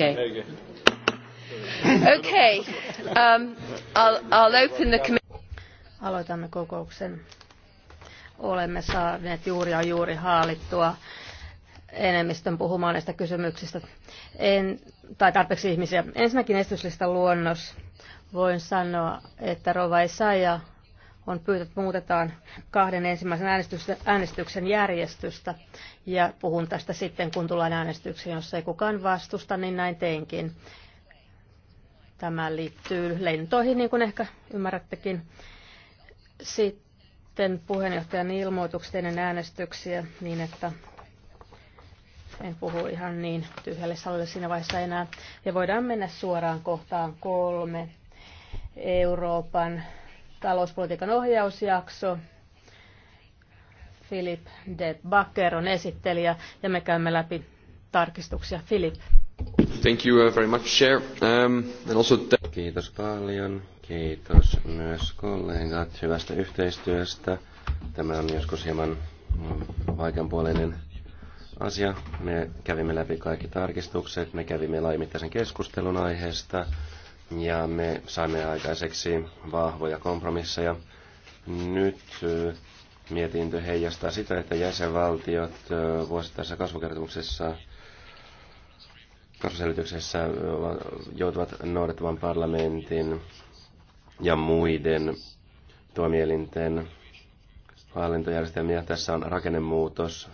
Okay. Okay. Um, I'll, I'll open the Aloitamme kokouksen. Olemme saaneet juuri ja juuri haalittua enemmistön puhumaan näistä kysymyksistä. En, tai tarpeeksi ihmisiä. Ensinnäkin estyslistan luonnos. Voin sanoa, että Rova Isaia on pyytänyt että muutetaan kahden ensimmäisen äänestyksen järjestystä. Ja puhun tästä sitten, kun tullaan äänestykseen. Jos ei kukaan vastusta, niin näin teinkin. Tämä liittyy lentoihin, niin kuin ehkä ymmärrättekin. Sitten puheenjohtajan ilmoitukset ennen äänestyksiä, niin että en puhu ihan niin tyhjälle salille siinä vaiheessa enää. Ja voidaan mennä suoraan kohtaan kolme. Euroopan talouspolitiikan ohjausjakso. Philip de Backer on esittelijä ja me käymme läpi tarkistuksia. Philip. Thank you uh, very much, Chair. Um, and also Kiitos paljon. Kiitos myös kollegat hyvästä yhteistyöstä. Tämä on joskus hieman mm, vaikeanpuoleinen asia. Me kävimme läpi kaikki tarkistukset, me kävimme laimittaisen keskustelun aiheesta ja me saimme aikaiseksi vahvoja kompromisseja. Nyt mietintö heijastaa sitä, että jäsenvaltiot vuosittaisessa kasvukertomuksessa kasvuselityksessä joutuvat noudattamaan parlamentin ja muiden tuomielinten hallintojärjestelmiä. Tässä on rakennemuutos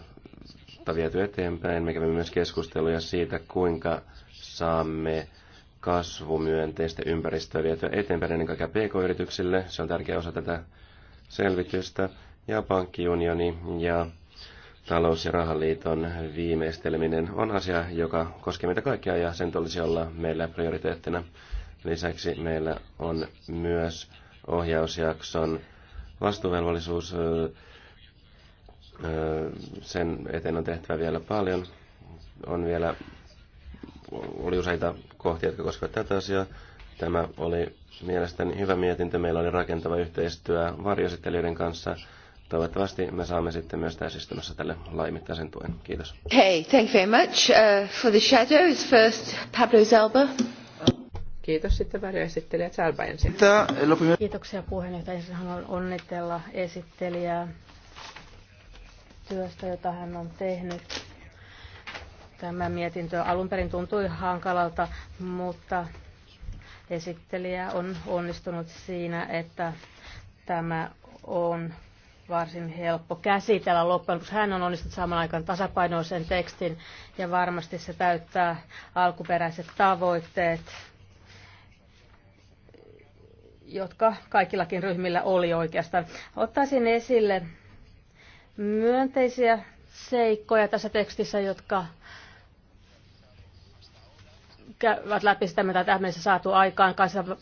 viety eteenpäin. Me kävimme myös keskusteluja siitä, kuinka saamme kasvumyönteistä ympäristöä vietyä eteenpäin ennen kaikkea pk-yrityksille. Se on tärkeä osa tätä selvitystä. Ja pankkiunioni ja talous- ja rahaliiton viimeisteleminen on asia, joka koskee meitä kaikkia ja sen tulisi olla meillä prioriteettina. Lisäksi meillä on myös ohjausjakson vastuuvelvollisuus. Sen eteen on tehtävä vielä paljon. On vielä, oli useita kohtia, jotka koskevat tätä asiaa. Tämä oli mielestäni hyvä mietintö. Meillä oli rakentava yhteistyö varjositelijoiden kanssa. Toivottavasti me saamme sitten myös täysistunnossa tälle laimittaisen tuen. Kiitos. Hey, thank you very much. Uh, for the shadows first, Pablo Zalba. Kiitos sitten varjoesittelijä Zalba ensin. Kiitoksia puheenjohtaja. Ensin haluan onnitella esittelijää työstä, jota hän on tehnyt Tämä mietintö alun perin tuntui hankalalta, mutta esittelijä on onnistunut siinä, että tämä on varsin helppo käsitellä loppujen, koska hän on onnistunut saman aikaan tasapainoisen tekstin ja varmasti se täyttää alkuperäiset tavoitteet, jotka kaikillakin ryhmillä oli oikeastaan. Ottaisin esille myönteisiä seikkoja tässä tekstissä, jotka käyvät läpi sitä, mitä tähän mennessä saatu aikaan,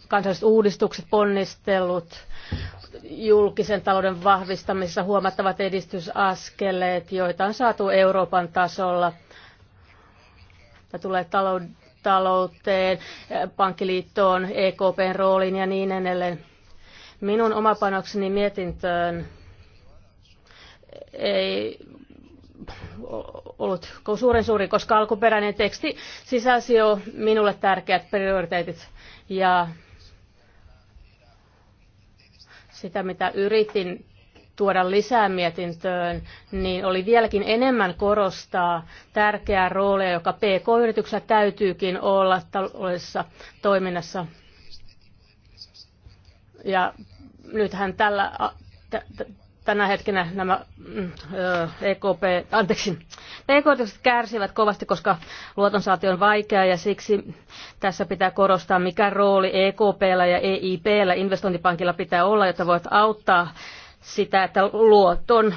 kansalliset uudistukset, ponnistelut, julkisen talouden vahvistamisessa huomattavat edistysaskeleet, joita on saatu Euroopan tasolla. Tämä tulee talouteen, pankkiliittoon, EKPn rooliin ja niin edelleen. Minun oma panokseni mietintöön ei ollut suuren suuri, koska alkuperäinen teksti sisälsi jo minulle tärkeät prioriteetit ja sitä, mitä yritin tuoda lisää mietintöön, niin oli vieläkin enemmän korostaa tärkeää roolia, joka PK-yrityksellä täytyykin olla taloudellisessa toiminnassa. Ja nythän tällä tänä hetkenä nämä mm, EKP, anteeksi, pk kärsivät kovasti, koska luotonsaatio on vaikea ja siksi tässä pitää korostaa, mikä rooli EKPllä ja EIPllä investointipankilla pitää olla, jotta voit auttaa sitä, että luoton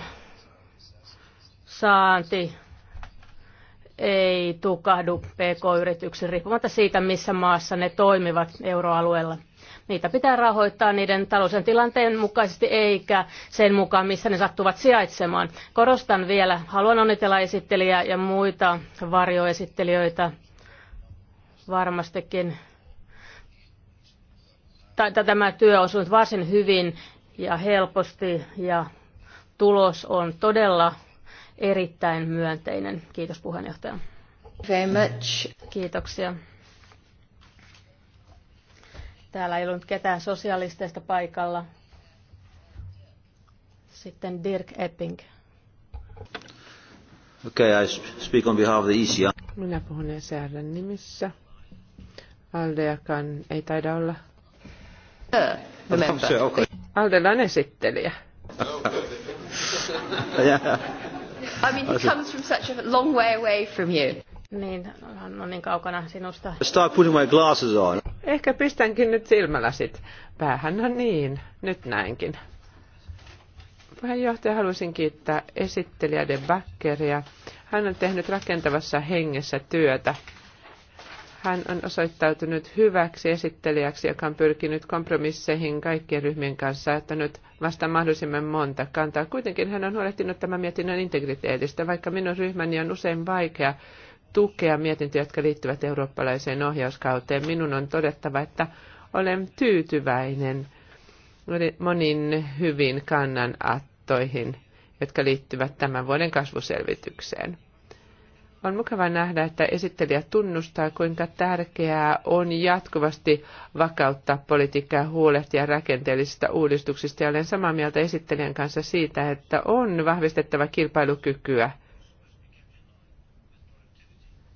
saanti ei tukahdu pk-yrityksiin riippumatta siitä, missä maassa ne toimivat euroalueella. Niitä pitää rahoittaa niiden talousen tilanteen mukaisesti eikä sen mukaan, missä ne sattuvat sijaitsemaan. Korostan vielä, haluan onnitella esittelijää ja muita varjoesittelijöitä varmastikin. Tämä työ on sujunut varsin hyvin ja helposti ja tulos on todella erittäin myönteinen. Kiitos puheenjohtaja. Very much. Kiitoksia. Täällä ei ollut ketään sosialisteista paikalla. Sitten Dirk Epping. Okay, I speak on behalf of the ECR. Minä puhun ECRn nimissä. Aldeakan ei taida olla. Uh, okay. Aldella on esittelijä. yeah. I mean, he comes from such a long way away from you. Niin, hän on no niin kaukana sinusta. Start putting my glasses on. Ehkä pistänkin nyt silmälasit päähän. No niin, nyt näinkin. Puheenjohtaja, haluaisin kiittää esittelijä De Backeria. Hän on tehnyt rakentavassa hengessä työtä. Hän on osoittautunut hyväksi esittelijäksi, joka on pyrkinyt kompromisseihin kaikkien ryhmien kanssa, että nyt vasta mahdollisimman monta kantaa. Kuitenkin hän on huolehtinut tämän mietinnön integriteetistä, vaikka minun ryhmäni on usein vaikea tukea mietintöjä, jotka liittyvät eurooppalaiseen ohjauskauteen. Minun on todettava, että olen tyytyväinen monin hyvin kannanattoihin, jotka liittyvät tämän vuoden kasvuselvitykseen. On mukava nähdä, että esittelijä tunnustaa, kuinka tärkeää on jatkuvasti vakauttaa politiikkaa huolehtia rakenteellisista uudistuksista. Ja olen samaa mieltä esittelijän kanssa siitä, että on vahvistettava kilpailukykyä –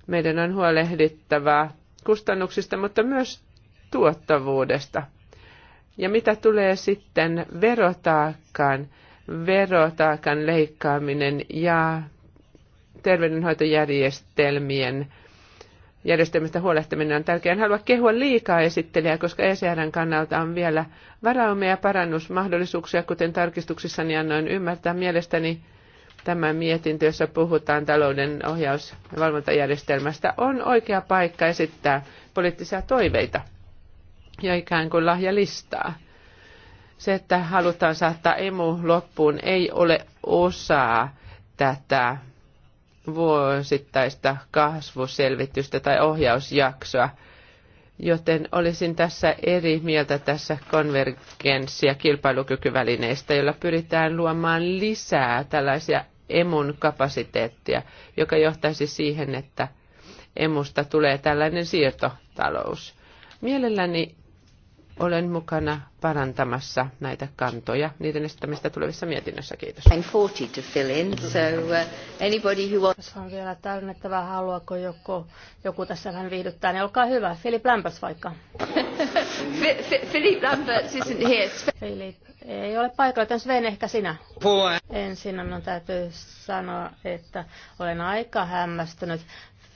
meidän on huolehdittava kustannuksista, mutta myös tuottavuudesta. Ja mitä tulee sitten verotaakkaan, verotaakan leikkaaminen ja terveydenhoitojärjestelmien järjestelmistä huolehtiminen on tärkeää. En halua kehua liikaa esittelijää, koska ECRn kannalta on vielä varaumia ja parannusmahdollisuuksia, kuten tarkistuksissani annoin ymmärtää. Mielestäni tämä mietintö, jossa puhutaan talouden ohjaus- ja valvontajärjestelmästä, on oikea paikka esittää poliittisia toiveita ja ikään kuin lahjalistaa. Se, että halutaan saattaa emu loppuun, ei ole osaa tätä vuosittaista kasvuselvitystä tai ohjausjaksoa, joten olisin tässä eri mieltä tässä konvergenssi- ja kilpailukykyvälineistä, jolla pyritään luomaan lisää tällaisia emun kapasiteettia, joka johtaisi siihen, että emusta tulee tällainen siirtotalous. Mielelläni olen mukana parantamassa näitä kantoja, niiden esittämistä tulevissa mietinnössä. Kiitos. Uh, tässä on vielä täydennettävää, haluaako joku, joku tässä vähän viihdyttää, niin olkaa hyvä. Philip Lambert vaikka. Philip Lambert isn't here. Philip ei ole paikalla, tämän Sven ehkä sinä. Puhe. Ensin minun täytyy sanoa, että olen aika hämmästynyt.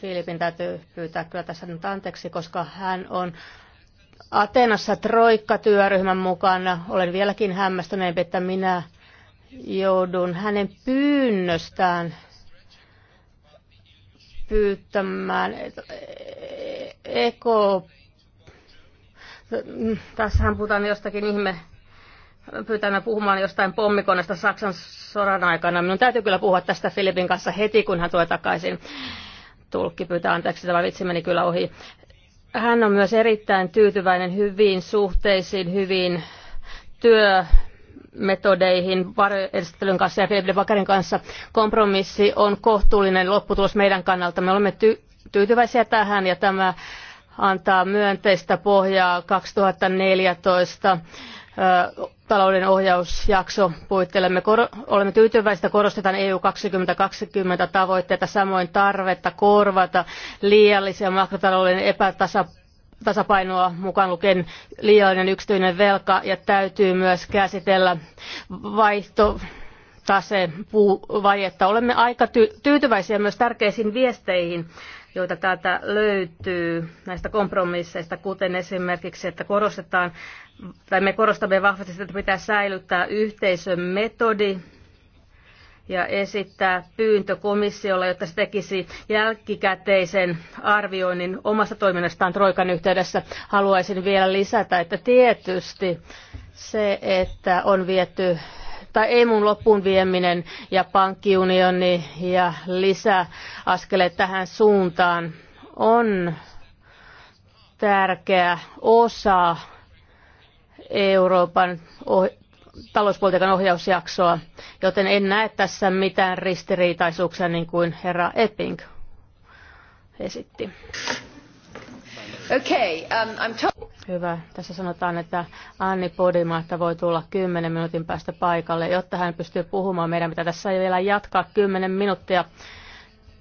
Filipin täytyy pyytää kyllä tässä nyt anteeksi, koska hän on Atenassa Troikka-työryhmän mukana. Olen vieläkin hämmästyneempi, että minä joudun hänen pyynnöstään pyyttämään e- e- eko... Tässähän puhutaan jostakin ihme pyytämään puhumaan jostain pommikonesta Saksan sodan aikana. Minun täytyy kyllä puhua tästä Filipin kanssa heti, kun hän tulee takaisin. Tulkki pyytää anteeksi, tämä vitsi meni kyllä ohi. Hän on myös erittäin tyytyväinen hyviin suhteisiin, hyviin työmetodeihin metodeihin kanssa ja Filipin Bakarin kanssa. Kompromissi on kohtuullinen lopputulos meidän kannalta. Me olemme ty- tyytyväisiä tähän ja tämä antaa myönteistä pohjaa 2014 talouden ohjausjakso puittelemme. Olemme tyytyväisiä, korostetaan EU kaksikymmentä tavoitteita, samoin tarvetta korvata liiallisia makrotalouden epätasapainoa mukaan lukien liiallinen yksityinen velka ja täytyy myös käsitellä vaihtotasevajetta. Olemme aika tyytyväisiä myös tärkeisiin viesteihin joita täältä löytyy näistä kompromisseista, kuten esimerkiksi, että korostetaan, tai me korostamme vahvasti sitä, että pitää säilyttää yhteisön metodi ja esittää pyyntö komissiolle, jotta se tekisi jälkikäteisen arvioinnin omasta toiminnastaan Troikan yhteydessä. Haluaisin vielä lisätä, että tietysti se, että on viety tai EMUn loppuun vieminen ja pankkiunioni ja lisäaskeleet tähän suuntaan on tärkeä osa Euroopan talouspolitiikan ohjausjaksoa, joten en näe tässä mitään ristiriitaisuuksia niin kuin herra Epping esitti. Okay, um, I'm Hyvä. Tässä sanotaan, että Anni Podimaatta voi tulla 10 minuutin päästä paikalle. Jotta hän pystyy puhumaan, meidän pitää tässä vielä jatkaa 10 minuuttia.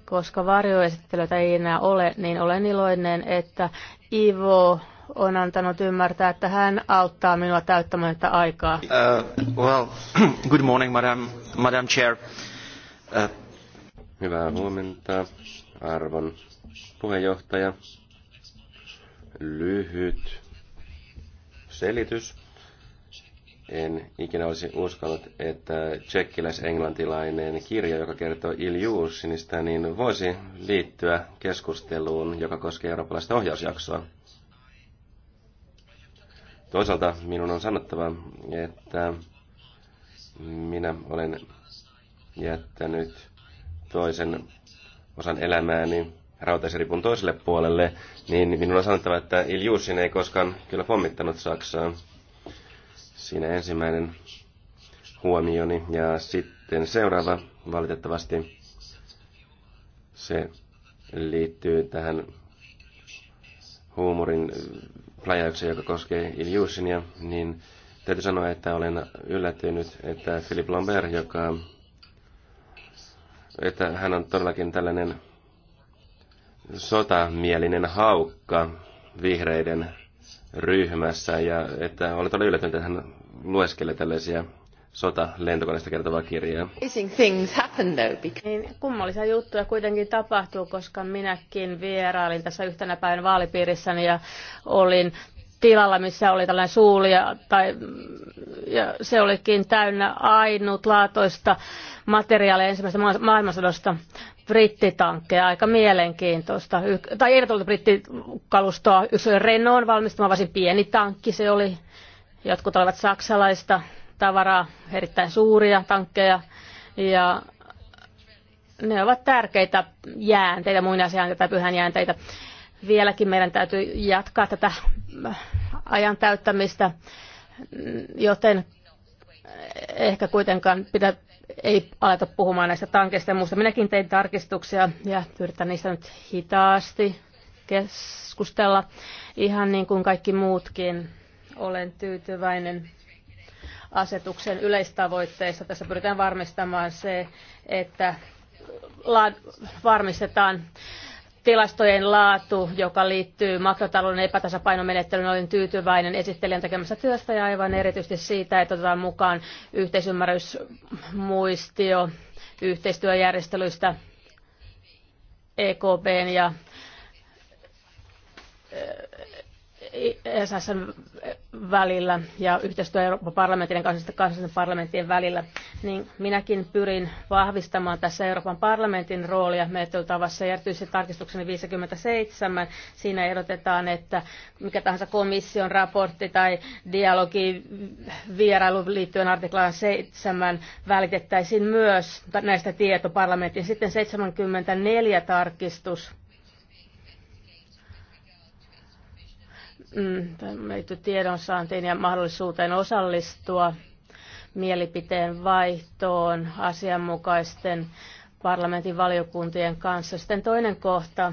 Koska varjoesittelyitä ei enää ole, niin olen iloinen, että Ivo on antanut ymmärtää, että hän auttaa minua täyttämään tätä aikaa. Uh, well, good morning, madam, madam chair. Uh. Hyvää huomenta, arvon puheenjohtaja. Lyhyt selitys. En ikinä olisi uskonut, että tsekkiläis-englantilainen kirja, joka kertoo Iljuusinista, niin voisi liittyä keskusteluun, joka koskee eurooppalaista ohjausjaksoa. Toisaalta minun on sanottava, että minä olen jättänyt toisen osan elämääni rautaisripun toiselle puolelle, niin minun on sanottava, että Iljusin ei koskaan kyllä pommittanut Saksaa. Siinä ensimmäinen huomioni. Ja sitten seuraava, valitettavasti, se liittyy tähän huumorin pläjäykseen, joka koskee Iljusinia, niin täytyy sanoa, että olen yllättynyt, että Philip Lambert, joka että hän on todellakin tällainen sotamielinen haukka vihreiden ryhmässä ja että olet ollut yllättynyt, että hän lueskelee tällaisia sota lentokoneesta kertovaa kirjaa. Niin, kummallisia juttuja kuitenkin tapahtuu, koska minäkin vierailin tässä yhtenä päivän vaalipiirissäni ja olin tilalla, missä oli tällainen suuli ja, tai, ja se olikin täynnä ainutlaatoista materiaalia ensimmäisestä maailmansodasta brittitankkeja, aika mielenkiintoista. Tai ei ollut brittikalustoa, yksi oli Renault valmistama, varsin pieni tankki se oli. Jotkut olivat saksalaista tavaraa, erittäin suuria tankkeja. Ja ne ovat tärkeitä jäänteitä, muinaisia jäänteitä, pyhän jäänteitä vieläkin meidän täytyy jatkaa tätä äh, ajan täyttämistä, joten ehkä kuitenkaan pitä, ei aleta puhumaan näistä tankeista ja muusta. Minäkin tein tarkistuksia ja yritän niistä nyt hitaasti keskustella, ihan niin kuin kaikki muutkin. Olen tyytyväinen asetuksen yleistavoitteista. Tässä pyritään varmistamaan se, että varmistetaan tilastojen laatu, joka liittyy makrotalouden epätasapainomenettelyyn, olin tyytyväinen esittelijän tekemästä työstä ja aivan erityisesti siitä, että otetaan mukaan yhteisymmärrysmuistio yhteistyöjärjestelyistä EKPn ja ESSn välillä ja yhteistyö Euroopan parlamentin ja kansallisten parlamenttien välillä, niin minäkin pyrin vahvistamaan tässä Euroopan parlamentin roolia menettelytavassa ja erityisesti tarkistukseni 57. Siinä ehdotetaan, että mikä tahansa komission raportti tai dialogi vierailu liittyen artiklaan 7 välitettäisiin myös näistä tieto parlamentin. Sitten 74 tarkistus Mm, liittyy tiedonsaantiin ja mahdollisuuteen osallistua mielipiteen vaihtoon asianmukaisten parlamentin valiokuntien kanssa. Sitten toinen kohta.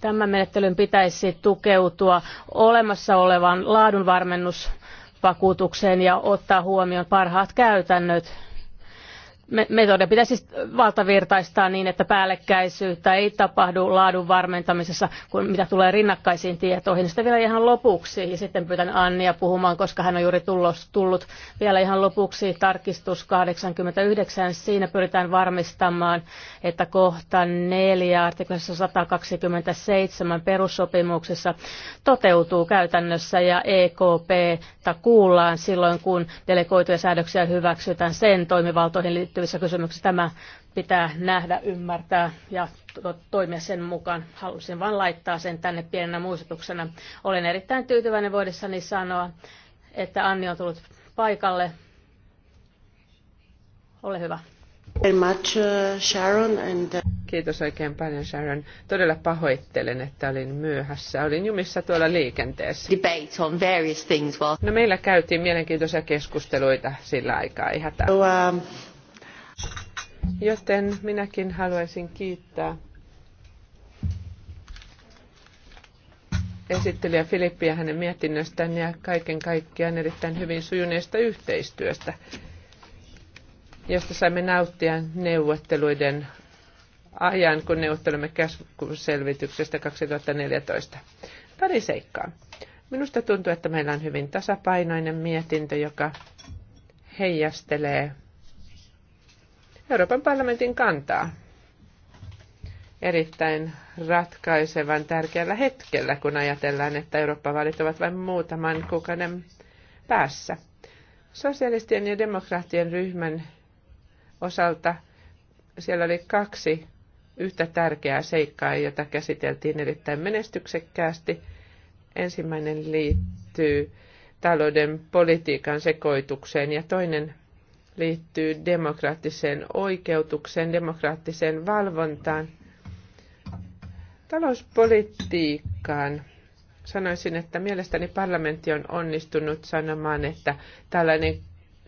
Tämän menettelyn pitäisi tukeutua olemassa olevan laadunvarmennusvakuutukseen ja ottaa huomioon parhaat käytännöt metodia pitäisi siis valtavirtaistaa niin, että päällekkäisyyttä ei tapahdu laadun varmentamisessa, kun mitä tulee rinnakkaisiin tietoihin. Sitten vielä ihan lopuksi, ja sitten pyytän Annia puhumaan, koska hän on juuri tullos, tullut vielä ihan lopuksi tarkistus 89. Siinä pyritään varmistamaan, että kohta 4 artiklassa 127 perussopimuksessa toteutuu käytännössä ja EKP kuullaan silloin, kun delegoituja säädöksiä hyväksytään sen toimivaltoihin liittyen liittyvissä kysymyksissä. Tämä pitää nähdä, ymmärtää ja to- toimia sen mukaan. Halusin vain laittaa sen tänne pienenä muistutuksena. Olen erittäin tyytyväinen voidessani sanoa, että Anni on tullut paikalle. Ole hyvä. Uh, uh, Kiitos oikein paljon Sharon. Todella pahoittelen, että olin myöhässä. Olin jumissa tuolla liikenteessä. Debate on various things No meillä käytiin mielenkiintoisia keskusteluita sillä aikaa, ei hätää. So, um, Joten minäkin haluaisin kiittää esittelijä Filippiä hänen mietinnöstään ja kaiken kaikkiaan erittäin hyvin sujuneesta yhteistyöstä, josta saimme nauttia neuvotteluiden ajan, kun neuvottelemme keskusselvityksestä 2014. Pari seikkaa. Minusta tuntuu, että meillä on hyvin tasapainoinen mietintö, joka heijastelee Euroopan parlamentin kantaa erittäin ratkaisevan tärkeällä hetkellä, kun ajatellaan, että Eurooppa-vaalit ovat vain muutaman kuukauden päässä. Sosialistien ja demokraattien ryhmän osalta siellä oli kaksi yhtä tärkeää seikkaa, jota käsiteltiin erittäin menestyksekkäästi. Ensimmäinen liittyy talouden politiikan sekoitukseen ja toinen liittyy demokraattiseen oikeutukseen, demokraattiseen valvontaan, talouspolitiikkaan. Sanoisin, että mielestäni parlamentti on onnistunut sanomaan, että tällainen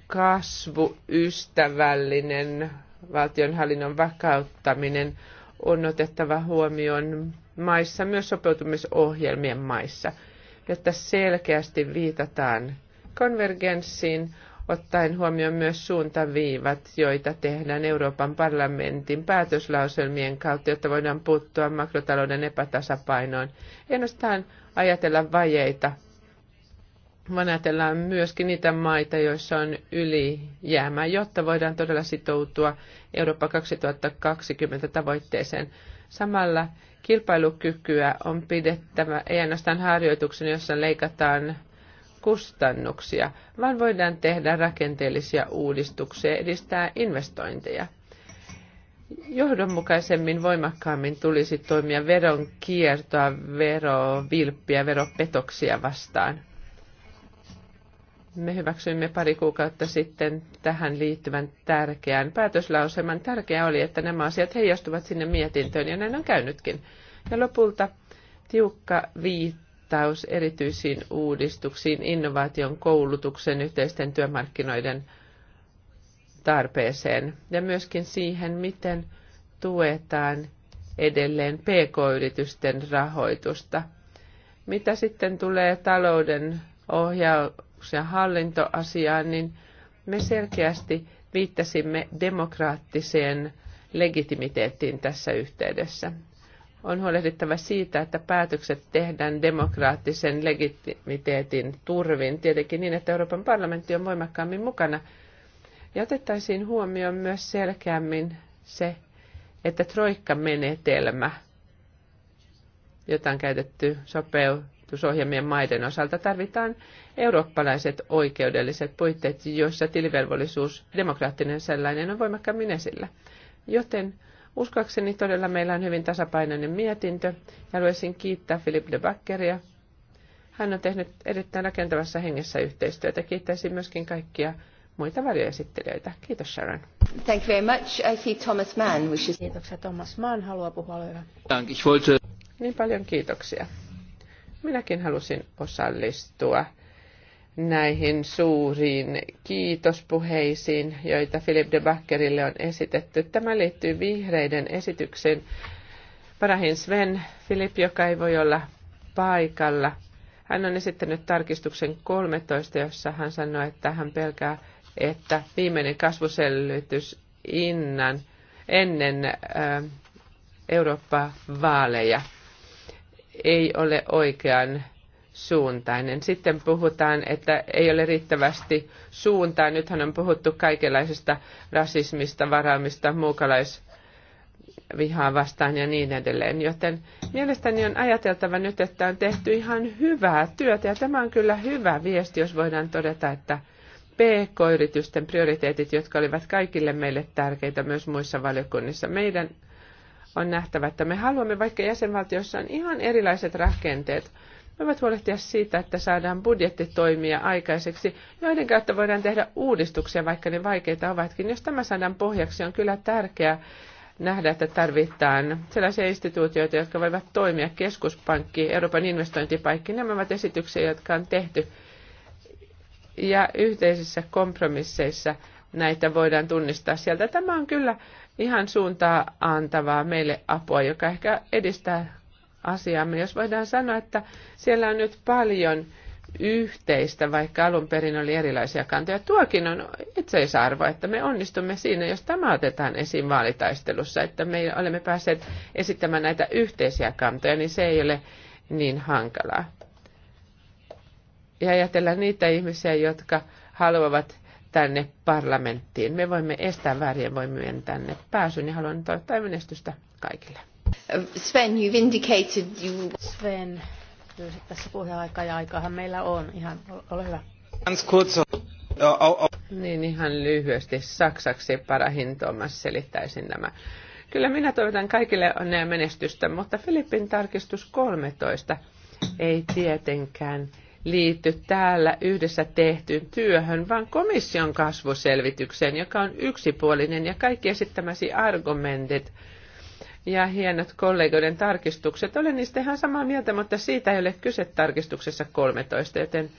kasvuystävällinen valtionhallinnon vakauttaminen on otettava huomioon maissa, myös sopeutumisohjelmien maissa, jotta selkeästi viitataan konvergenssiin, ottaen huomioon myös suuntaviivat, joita tehdään Euroopan parlamentin päätöslauselmien kautta, jotta voidaan puuttua makrotalouden epätasapainoon. Ei ajatella vajeita, vaan ajatellaan myöskin niitä maita, joissa on ylijäämä, jotta voidaan todella sitoutua Eurooppa 2020 tavoitteeseen. Samalla kilpailukykyä on pidettävä ei ainoastaan harjoituksen, jossa leikataan kustannuksia, vaan voidaan tehdä rakenteellisia uudistuksia ja edistää investointeja. Johdonmukaisemmin voimakkaammin tulisi toimia veron kiertoa, verovilppiä, veropetoksia vastaan. Me hyväksyimme pari kuukautta sitten tähän liittyvän tärkeän päätöslauseman. Tärkeää oli, että nämä asiat heijastuvat sinne mietintöön ja näin on käynytkin. Ja lopulta tiukka viitti viittaus erityisiin uudistuksiin, innovaation koulutuksen, yhteisten työmarkkinoiden tarpeeseen ja myöskin siihen, miten tuetaan edelleen pk-yritysten rahoitusta. Mitä sitten tulee talouden ohjaus- ja hallintoasiaan, niin me selkeästi viittasimme demokraattiseen legitimiteettiin tässä yhteydessä on huolehdittava siitä, että päätökset tehdään demokraattisen legitimiteetin turvin, tietenkin niin, että Euroopan parlamentti on voimakkaammin mukana. Ja otettaisiin huomioon myös selkeämmin se, että troikkamenetelmä, jota on käytetty sopeutusohjelmien maiden osalta, tarvitaan eurooppalaiset oikeudelliset puitteet, joissa tilivelvollisuus, demokraattinen sellainen, on voimakkaammin esillä. Joten Uskoakseni todella meillä on hyvin tasapainoinen mietintö ja haluaisin kiittää Philip de Backeria. Hän on tehnyt erittäin rakentavassa hengessä yhteistyötä. Kiittäisin myöskin kaikkia muita varjoesittelijöitä. Kiitos Sharon. Thank you very much. I see Thomas Mann wishes... Kiitoksia Thomas Mann. Haluaa puhua lyhyen. Niin paljon kiitoksia. Minäkin halusin osallistua näihin suuriin kiitospuheisiin, joita Philip de Backerille on esitetty. Tämä liittyy vihreiden esitykseen. Parahin Sven, Philip, joka ei voi olla paikalla. Hän on esittänyt tarkistuksen 13, jossa hän sanoi, että hän pelkää, että viimeinen kasvusellytys innan, ennen äh, Eurooppa-vaaleja ei ole oikean suuntainen. Sitten puhutaan, että ei ole riittävästi suuntaa. Nythän on puhuttu kaikenlaisesta rasismista, varaamista, muukalaisvihaa vastaan ja niin edelleen. Joten mielestäni on ajateltava nyt, että on tehty ihan hyvää työtä. Ja tämä on kyllä hyvä viesti, jos voidaan todeta, että PK-yritysten prioriteetit, jotka olivat kaikille meille tärkeitä myös muissa valiokunnissa. Meidän on nähtävä, että me haluamme, vaikka jäsenvaltioissa on ihan erilaiset rakenteet, voivat huolehtia siitä, että saadaan budjettitoimia aikaiseksi, joiden kautta voidaan tehdä uudistuksia, vaikka ne vaikeita ovatkin. Jos tämä saadaan pohjaksi, on kyllä tärkeää nähdä, että tarvitaan sellaisia instituutioita, jotka voivat toimia, keskuspankki, Euroopan investointipaikki, nämä ovat esityksiä, jotka on tehty. Ja yhteisissä kompromisseissa näitä voidaan tunnistaa sieltä. Tämä on kyllä ihan suuntaa antavaa meille apua, joka ehkä edistää asiaamme. Jos voidaan sanoa, että siellä on nyt paljon yhteistä, vaikka alun perin oli erilaisia kantoja. Tuokin on itseisarvo, että me onnistumme siinä, jos tämä otetaan esiin vaalitaistelussa, että me olemme päässeet esittämään näitä yhteisiä kantoja, niin se ei ole niin hankalaa. Ja ajatella niitä ihmisiä, jotka haluavat tänne parlamenttiin. Me voimme estää väärien voimien tänne pääsyn ja haluan toivottaa menestystä kaikille. Sven, you've indicated you... Sven, pyysit tässä puheaikaa ja aikaahan meillä on. Ihan, ole hyvä. Niin ihan lyhyesti saksaksi parahin Thomas selittäisin nämä. Kyllä minä toivotan kaikille onnea menestystä, mutta Filippin tarkistus 13 ei tietenkään liity täällä yhdessä tehtyyn työhön, vaan komission kasvuselvitykseen, joka on yksipuolinen ja kaikki esittämäsi argumentit – ja hienot kollegoiden tarkistukset. Olen niistä ihan samaa mieltä, mutta siitä ei ole kyse tarkistuksessa 13, joten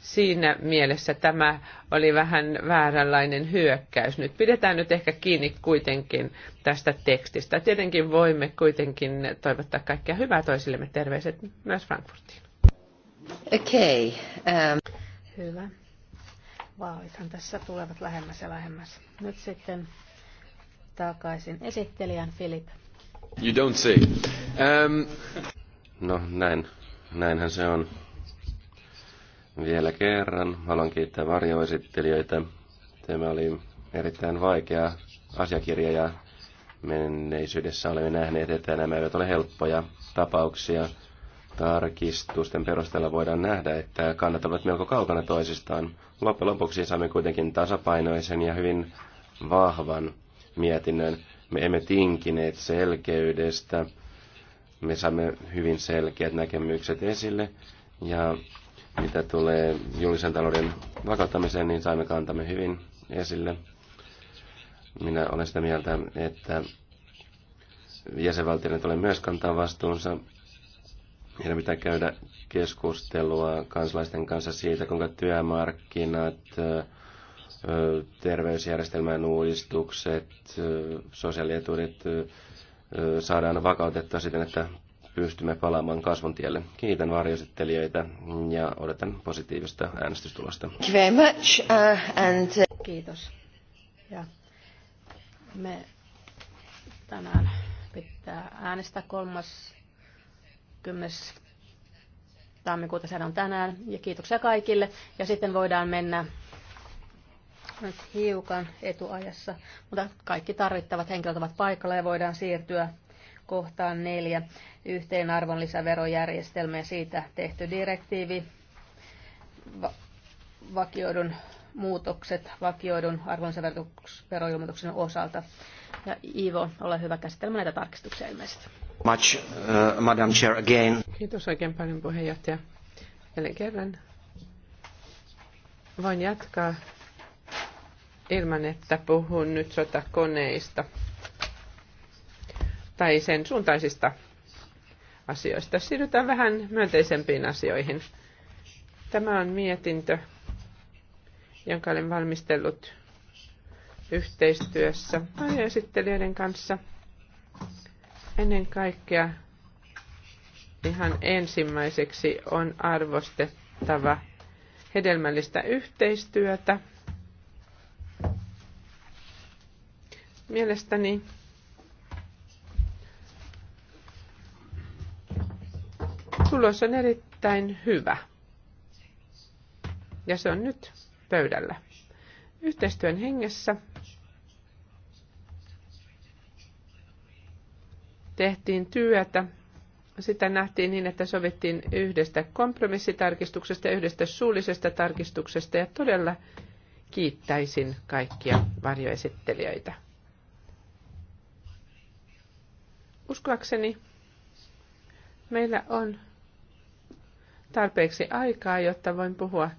siinä mielessä tämä oli vähän vääränlainen hyökkäys. Nyt pidetään nyt ehkä kiinni kuitenkin tästä tekstistä. Tietenkin voimme kuitenkin toivottaa kaikkea hyvää toisillemme. Terveiset myös Frankfurtiin. Okei. Okay, um... Ähm. Hyvä. Wow, tässä tulevat lähemmäs ja lähemmäs. Nyt sitten takaisin esittelijän Filip. You don't say. Um... No näin. Näinhän se on. Vielä kerran haluan kiittää varjoesittelijöitä. Tämä oli erittäin vaikea asiakirja ja menneisyydessä olemme nähneet, että nämä eivät ole helppoja tapauksia. Tarkistusten perusteella voidaan nähdä, että kannat ovat melko kaukana toisistaan. Loppujen lopuksi saamme kuitenkin tasapainoisen ja hyvin vahvan mietinnön. Me emme tinkineet selkeydestä. Me saamme hyvin selkeät näkemykset esille. Ja mitä tulee julkisen talouden vakauttamiseen, niin saimme kantamme hyvin esille. Minä olen sitä mieltä, että jäsenvaltioiden tulee myös kantaa vastuunsa. Heidän pitää käydä keskustelua kansalaisten kanssa siitä, kuinka työmarkkinat, terveysjärjestelmän uudistukset, sosiaalietuudet saadaan vakautettua siten, että pystymme palaamaan kasvun tielle. Kiitän varjoesittelijöitä ja odotan positiivista äänestystulosta. Very much, uh, and... Uh, Kiitos. Ja me tänään pitää äänestää 30. tammikuuta, sehän on tänään. Ja kiitoksia kaikille. Ja sitten voidaan mennä nyt hiukan etuajassa, mutta kaikki tarvittavat henkilöt ovat paikalla ja voidaan siirtyä kohtaan neljä yhteen arvonlisäverojärjestelmä ja siitä tehty direktiivi, va- vakioidun muutokset vakioidun arvonlisäveroilmoituksen osalta. Ja Ivo, ole hyvä käsittelemään näitä tarkistuksia ilmeisesti. Much, uh, Madam Chair, again. Kiitos oikein paljon puheenjohtaja. Jälleen kerran voin jatkaa ilman, että puhun nyt sotakoneista tai sen suuntaisista asioista. Siirrytään vähän myönteisempiin asioihin. Tämä on mietintö, jonka olen valmistellut yhteistyössä esittelijöiden kanssa. Ennen kaikkea ihan ensimmäiseksi on arvostettava hedelmällistä yhteistyötä Mielestäni tulos on erittäin hyvä. Ja se on nyt pöydällä. Yhteistyön hengessä tehtiin työtä. Sitä nähtiin niin, että sovittiin yhdestä kompromissitarkistuksesta ja yhdestä suullisesta tarkistuksesta ja todella kiittäisin kaikkia varjoesittelijöitä. Uskoakseni meillä on tarpeeksi aikaa, jotta voin puhua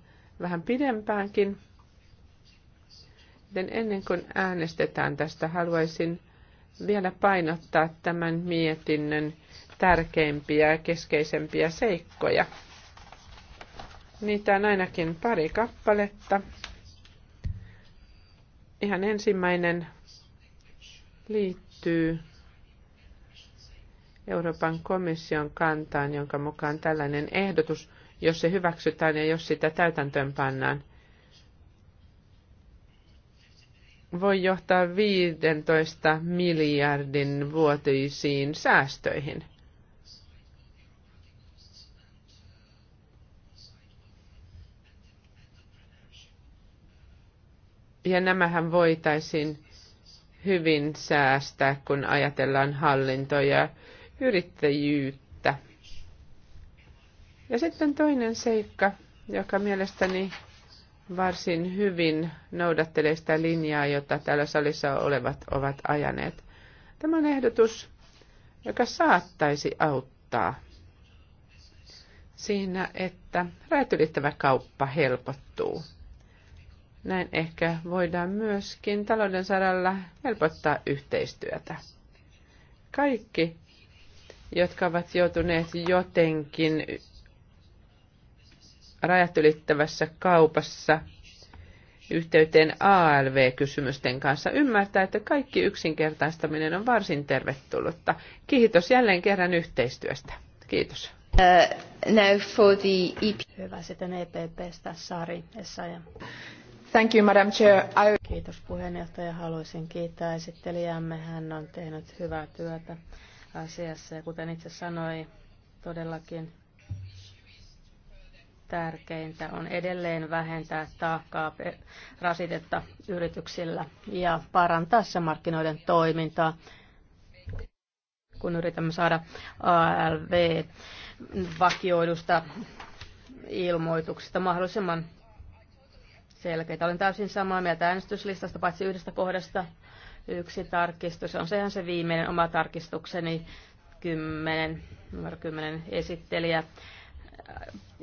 vähän pidempäänkin. Joten ennen kuin äänestetään tästä, haluaisin vielä painottaa tämän mietinnön tärkeimpiä ja keskeisempiä seikkoja. Niitä on ainakin pari kappaletta. Ihan ensimmäinen liittyy Euroopan komission kantaan, jonka mukaan tällainen ehdotus, jos se hyväksytään ja jos sitä täytäntöön pannaan, voi johtaa 15 miljardin vuotuisiin säästöihin. Ja nämähän voitaisiin hyvin säästää, kun ajatellaan hallintoja yrittäjyyttä. Ja sitten toinen seikka, joka mielestäni varsin hyvin noudattelee sitä linjaa, jota täällä salissa olevat ovat ajaneet. Tämä on ehdotus, joka saattaisi auttaa siinä, että räätylittävä kauppa helpottuu. Näin ehkä voidaan myöskin talouden saralla helpottaa yhteistyötä. Kaikki jotka ovat joutuneet jotenkin rajat ylittävässä kaupassa yhteyteen ALV-kysymysten kanssa ymmärtää, että kaikki yksinkertaistaminen on varsin tervetullutta. Kiitos jälleen kerran yhteistyöstä. Kiitos. Uh, now for the EP. Hyvä, sitten EPPstä Sari Essaja. Thank you, Madam Chair. I... Kiitos puheenjohtaja. Haluaisin kiittää esittelijämme. Hän on tehnyt hyvää työtä asiassa. Ja kuten itse sanoi, todellakin tärkeintä on edelleen vähentää taakkaa rasitetta yrityksillä ja parantaa se markkinoiden toimintaa, kun yritämme saada ALV vakioidusta ilmoituksesta mahdollisimman selkeitä. Olen täysin samaa mieltä äänestyslistasta, paitsi yhdestä kohdasta – Yksi tarkistus, on sehän se viimeinen oma tarkistukseni, 10, numero 10 esittelijä äh,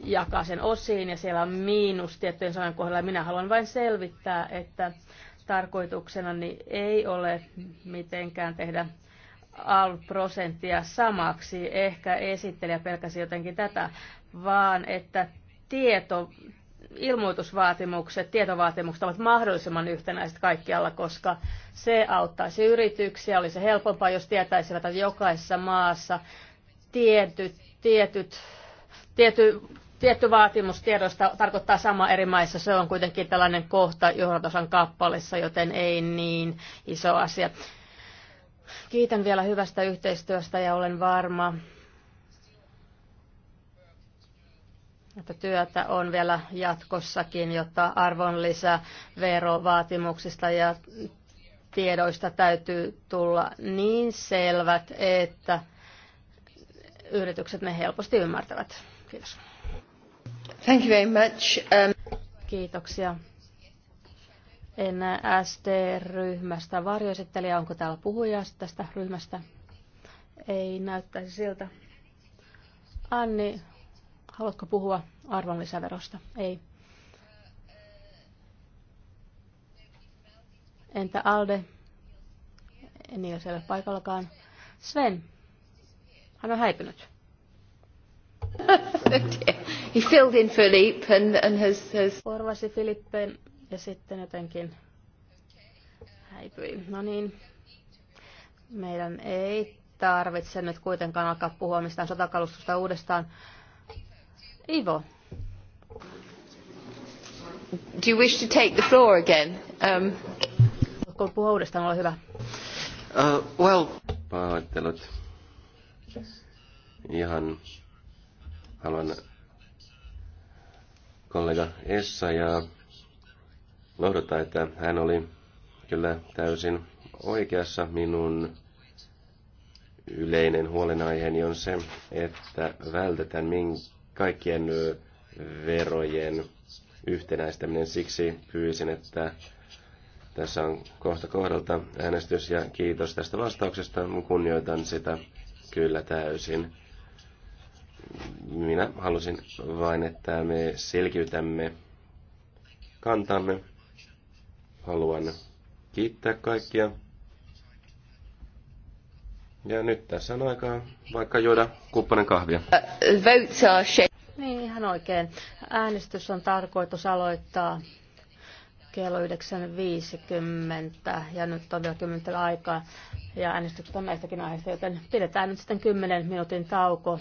jakaa sen osiin ja siellä on miinus tiettyjen sanojen kohdalla. Minä haluan vain selvittää, että tarkoituksena ei ole mitenkään tehdä AL-prosenttia samaksi, ehkä esittelijä pelkäsi jotenkin tätä, vaan että tieto, ilmoitusvaatimukset, tietovaatimukset ovat mahdollisimman yhtenäiset kaikkialla, koska se auttaisi yrityksiä. Olisi helpompaa, jos tietäisivät, että jokaisessa maassa tietyt, tietyt, tiety, tietty vaatimus tiedosta tarkoittaa sama eri maissa. Se on kuitenkin tällainen kohta johdatosan kappalissa, joten ei niin iso asia. Kiitän vielä hyvästä yhteistyöstä ja olen varma, että työtä on vielä jatkossakin, jotta arvonlisäverovaatimuksista ja tiedoista täytyy tulla niin selvät, että yritykset ne helposti ymmärtävät. Kiitos. Thank you very much. Um... Kiitoksia. En ST-ryhmästä varjoesittelijä. Onko täällä puhuja tästä ryhmästä? Ei näyttäisi siltä. Anni Haluatko puhua arvonlisäverosta? Ei. Entä Alde? En ole siellä paikallakaan. Sven. Hän on häipynyt. He filled in Philippe and, and has, has... Korvasi Filippen ja sitten jotenkin häipyi. No niin. Meidän ei tarvitse nyt kuitenkaan alkaa puhua mistään sotakalustusta uudestaan. Ivo. Do you wish to take the floor again? Um... puhua uudestaan, ole hyvä. Uh, well, pahoittelut. Ihan haluan kollega Essa ja lohduta, että hän oli kyllä täysin oikeassa. Minun yleinen huolenaiheeni on se, että vältetään minkä kaikkien verojen yhtenäistäminen. Siksi pyysin, että tässä on kohta kohdalta äänestys ja kiitos tästä vastauksesta. Kunnioitan sitä kyllä täysin. Minä halusin vain, että me selkiytämme kantamme. Haluan kiittää kaikkia. Ja nyt tässä on aikaa vaikka juoda kuppanen kahvia. Äh, votes are Niin, ihan oikein. Äänestys on tarkoitus aloittaa kello 9.50 ja nyt on vielä 10 aikaa ja äänestykset on näistäkin aiheista, joten pidetään nyt sitten 10 minuutin tauko.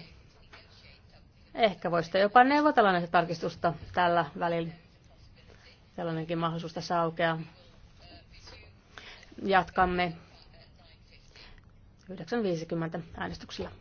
Ehkä voisitte jopa neuvotella näistä tarkistusta tällä välillä. Sellainenkin mahdollisuus tässä aukeaa. Jatkamme 9.50 äänestyksellä.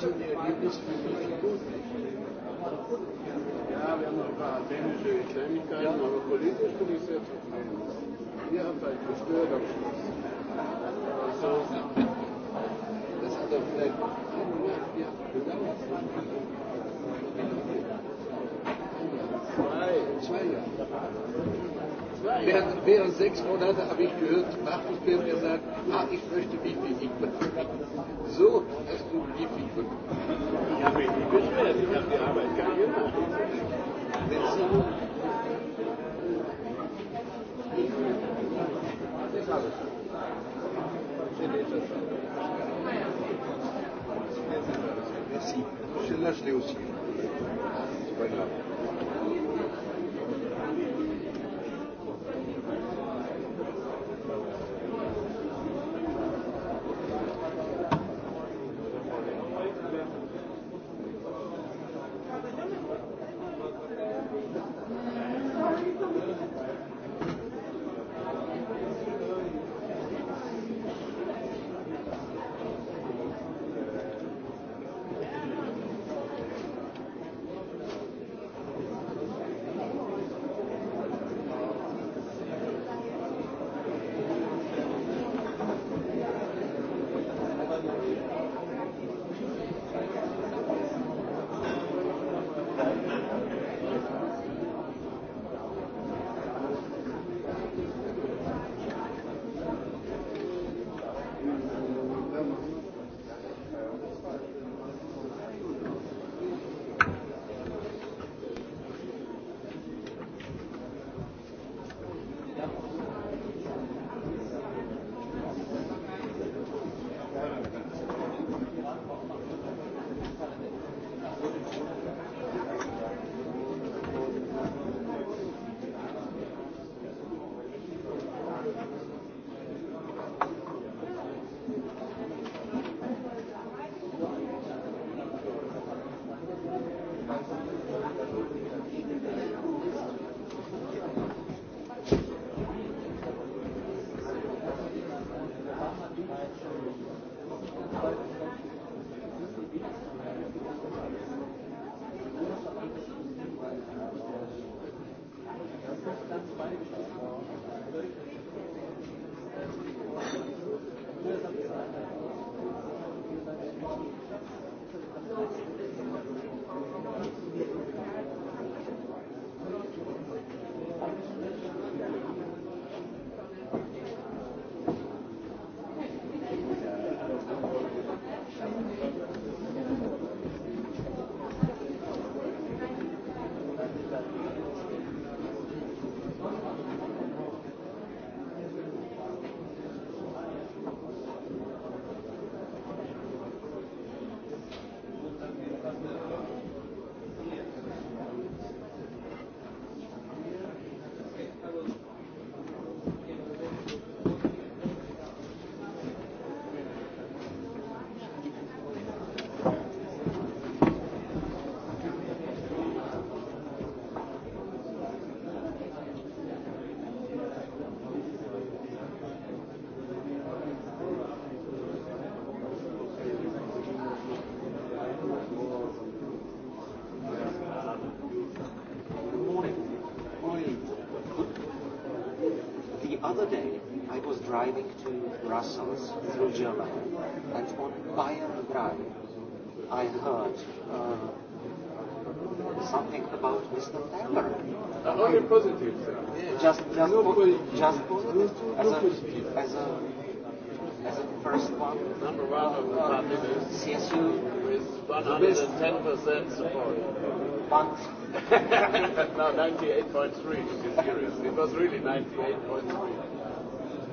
Ja, wir haben noch ein paar dänische Kleinigkeiten, aber politisch bin ich sehr zufrieden. Ihr habt halt gestört am Während, während sechs Monate habe ich gehört, Markus Bär mir ah, ich möchte mich nicht So hast du mich nicht Ich habe mich nicht beschwert, ich habe die Arbeit gar nicht gemacht. Merci. Das habe Merci. Je lâche les aussi. C'est pas grave. Uh, something about Mr. Taylor. Uh, only positive, sir. Just, just, no po positive. just no positive. Not, as, a, positive. as a as a first one. Number one of the uh, candidates. Uh, CSU with 110% support. But no, 98.3 to be serious. It was really 98.3.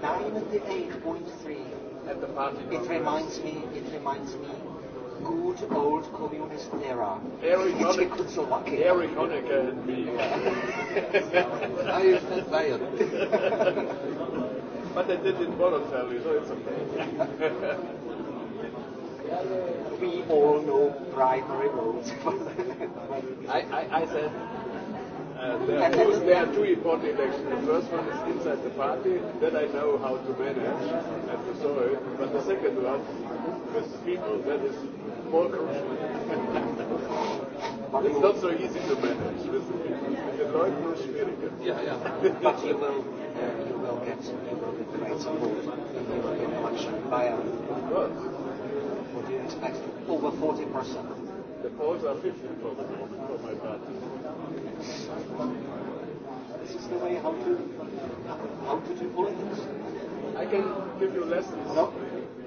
98.3. At the party. It reminds me. It reminds me good old communist era. Erich Honecker. Very Honecker and me. I am not Bayern. but I did it voluntarily, so it's okay. we all know primary roads. I, I, I said Uh, there, are two, there are two important elections. The first one is inside the party, that I know how to manage and to solve. But the second one, with people that is more crucial. it's not so easy to manage with the people. Mit den Leuten ist schwieriger. Yeah, yeah. But you will, uh, you will get, you will get great support. You will get much buy-in. Of course. What do you expect? Over 40%. The polls are 50% for my party. This is the way how to how to do politics. I can give you lessons. No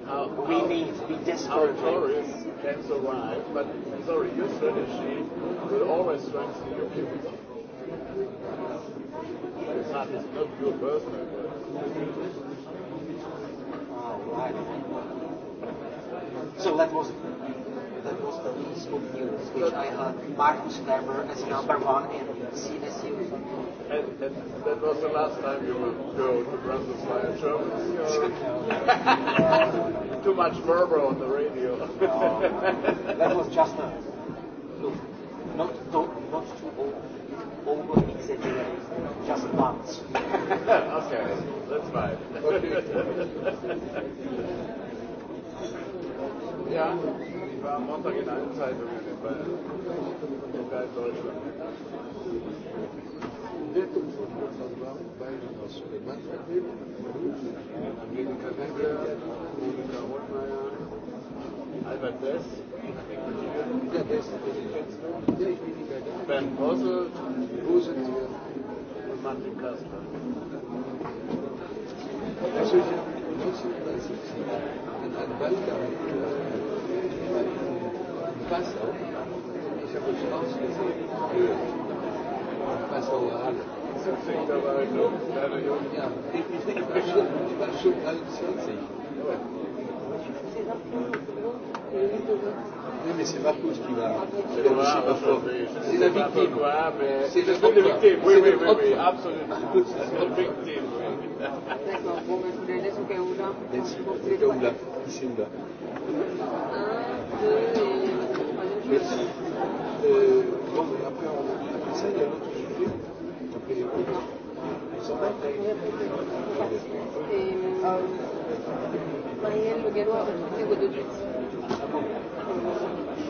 our, we our, need to be desperate. Our tourists can survive, but sorry, your strategy will always strengthen your people. It's not, not your personal right. So that was that was the lead school news, which I had Martin Schleber as number one in CSU. that was the last time you would go to Brussels by a show. Too much Berber on the radio. no, that was just a look. Not, not, not too old. Over exaggerate just once. okay, that's fine. Okay. yeah war am Montag in allen Zeitungen in Bayern. In Bayern Deutschland. Angelika Nebler, Monika Holtmeier, Albert Dess, Bernd Possel, und Martin Kastner in ein Wald Passau. Ich habe uns ausgesehen. Passauer Halle. Ja, ich war schon, ich war schon 21. Oui, mais c'est Marcos qui va. C'est le pas fort. C'est la victime. C'est le victime. Oui, oui, oui, oui, absolument. C'est la victime. D'accord, bon, ben, je vous les laisse au cas où là. ici ou là. Un, deux et Merci. Euh, bon, après, on, après ça, il un autre sujet. Après, il y a Et Marielle Le Gallois a retrouvé vos deux Ah bon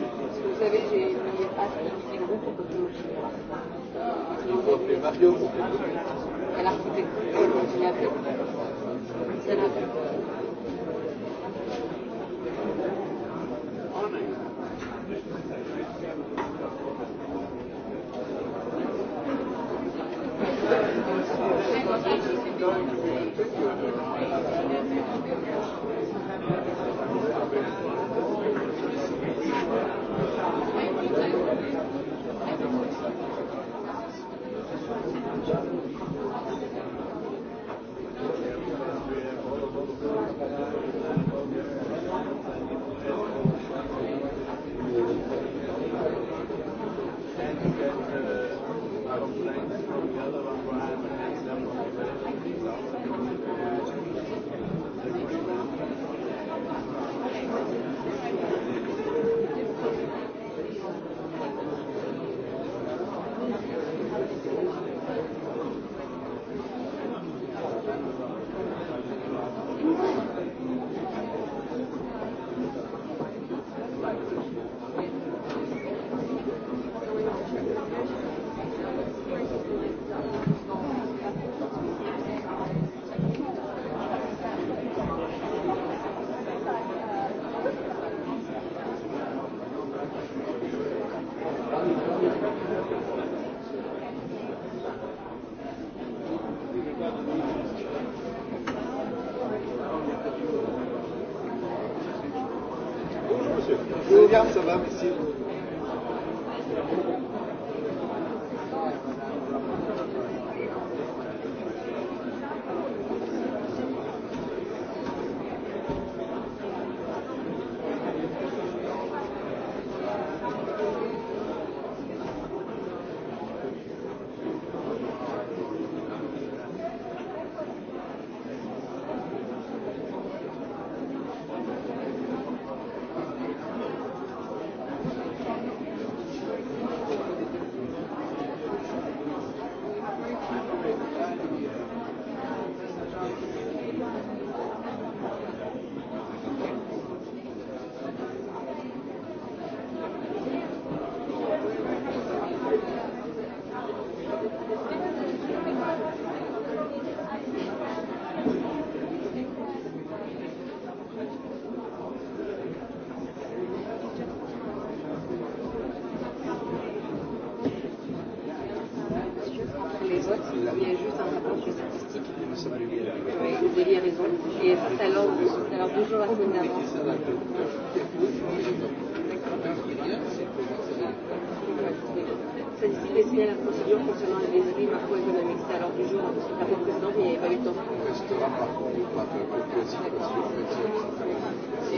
Vous savez, j'ai assez pour que tout le monde Il Mario pour qu'elle À l'architecte, je C'est là. Thank you.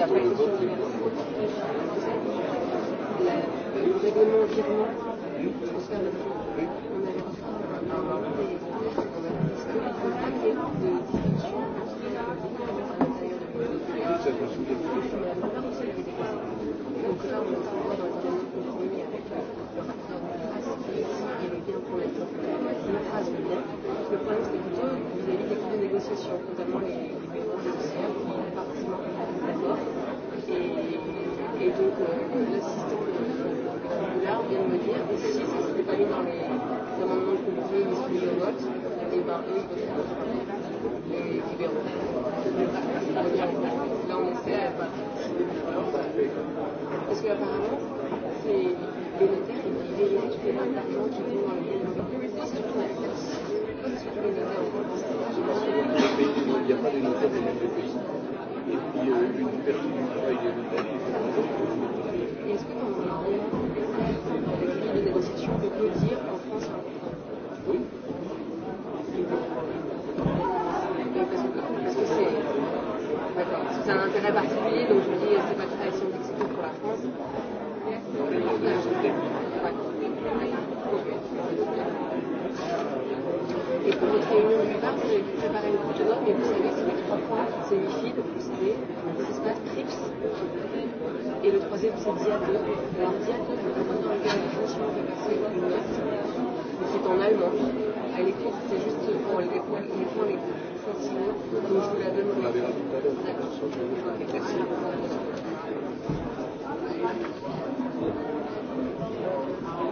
a pas été sur le règlement environnement, on se fait dire que si ce n'est pas mis dans les amendements que vous avez distribués aux votes, eh ben, eux, ils voteront les libéraux. Là, on essaie à partir Parce qu'apparemment, c'est les notaires, ils vérifient justement l'argent qui est dans les Il n'y a pas de notaires dans les deux pays. Et puis, une personne qui travaille les notaires, il faut Est-ce que dans concessions de dire en France. Oui. Parce que c'est. D'accord. c'est un intérêt particulier, donc je me dis, c'est pas tout à pour la France. Yes. Ouais. Ok et que votre réunion du 20, vous avez préparé le protocole, mais vous savez, c'est les trois points, c'est MIFID, vous savez, ça se passe TRIPS. Et le troisième, c'est DIA 2. Alors euh, DIA 2, c'est vraiment dans l'organisation de passer une note qui est en allemand. Elle est courte, c'est juste pour les points, les points, les sentiments. Donc je vous la donne. Vous l'avez là tout à l'heure. D'accord. Merci. Thank you.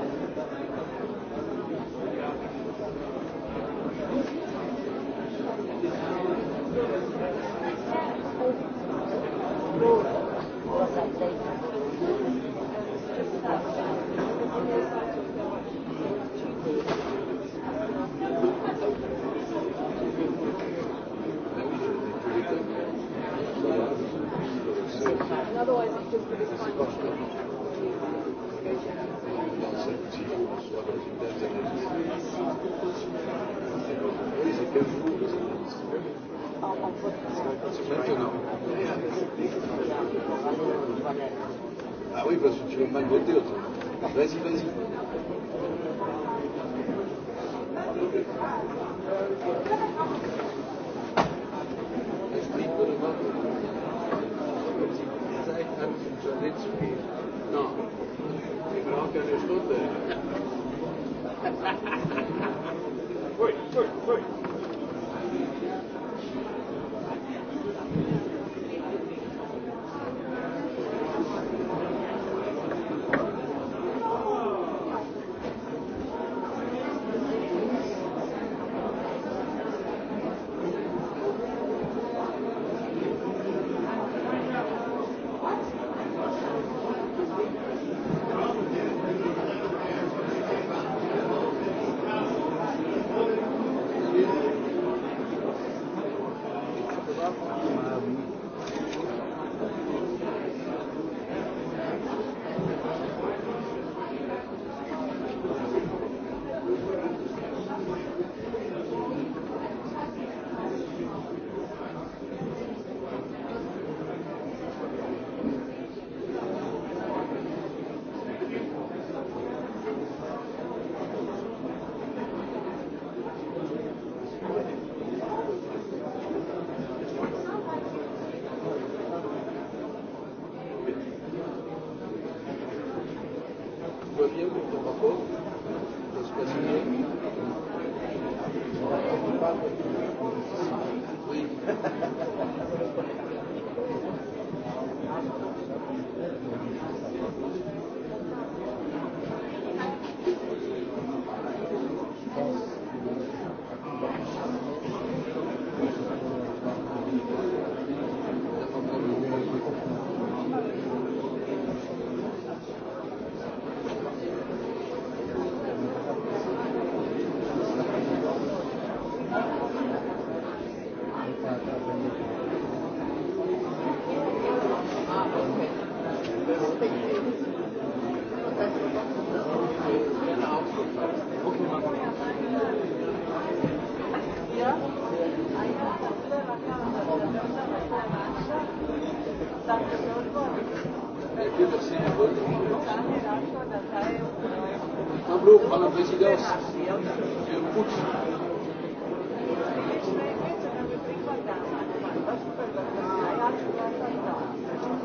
la présidence.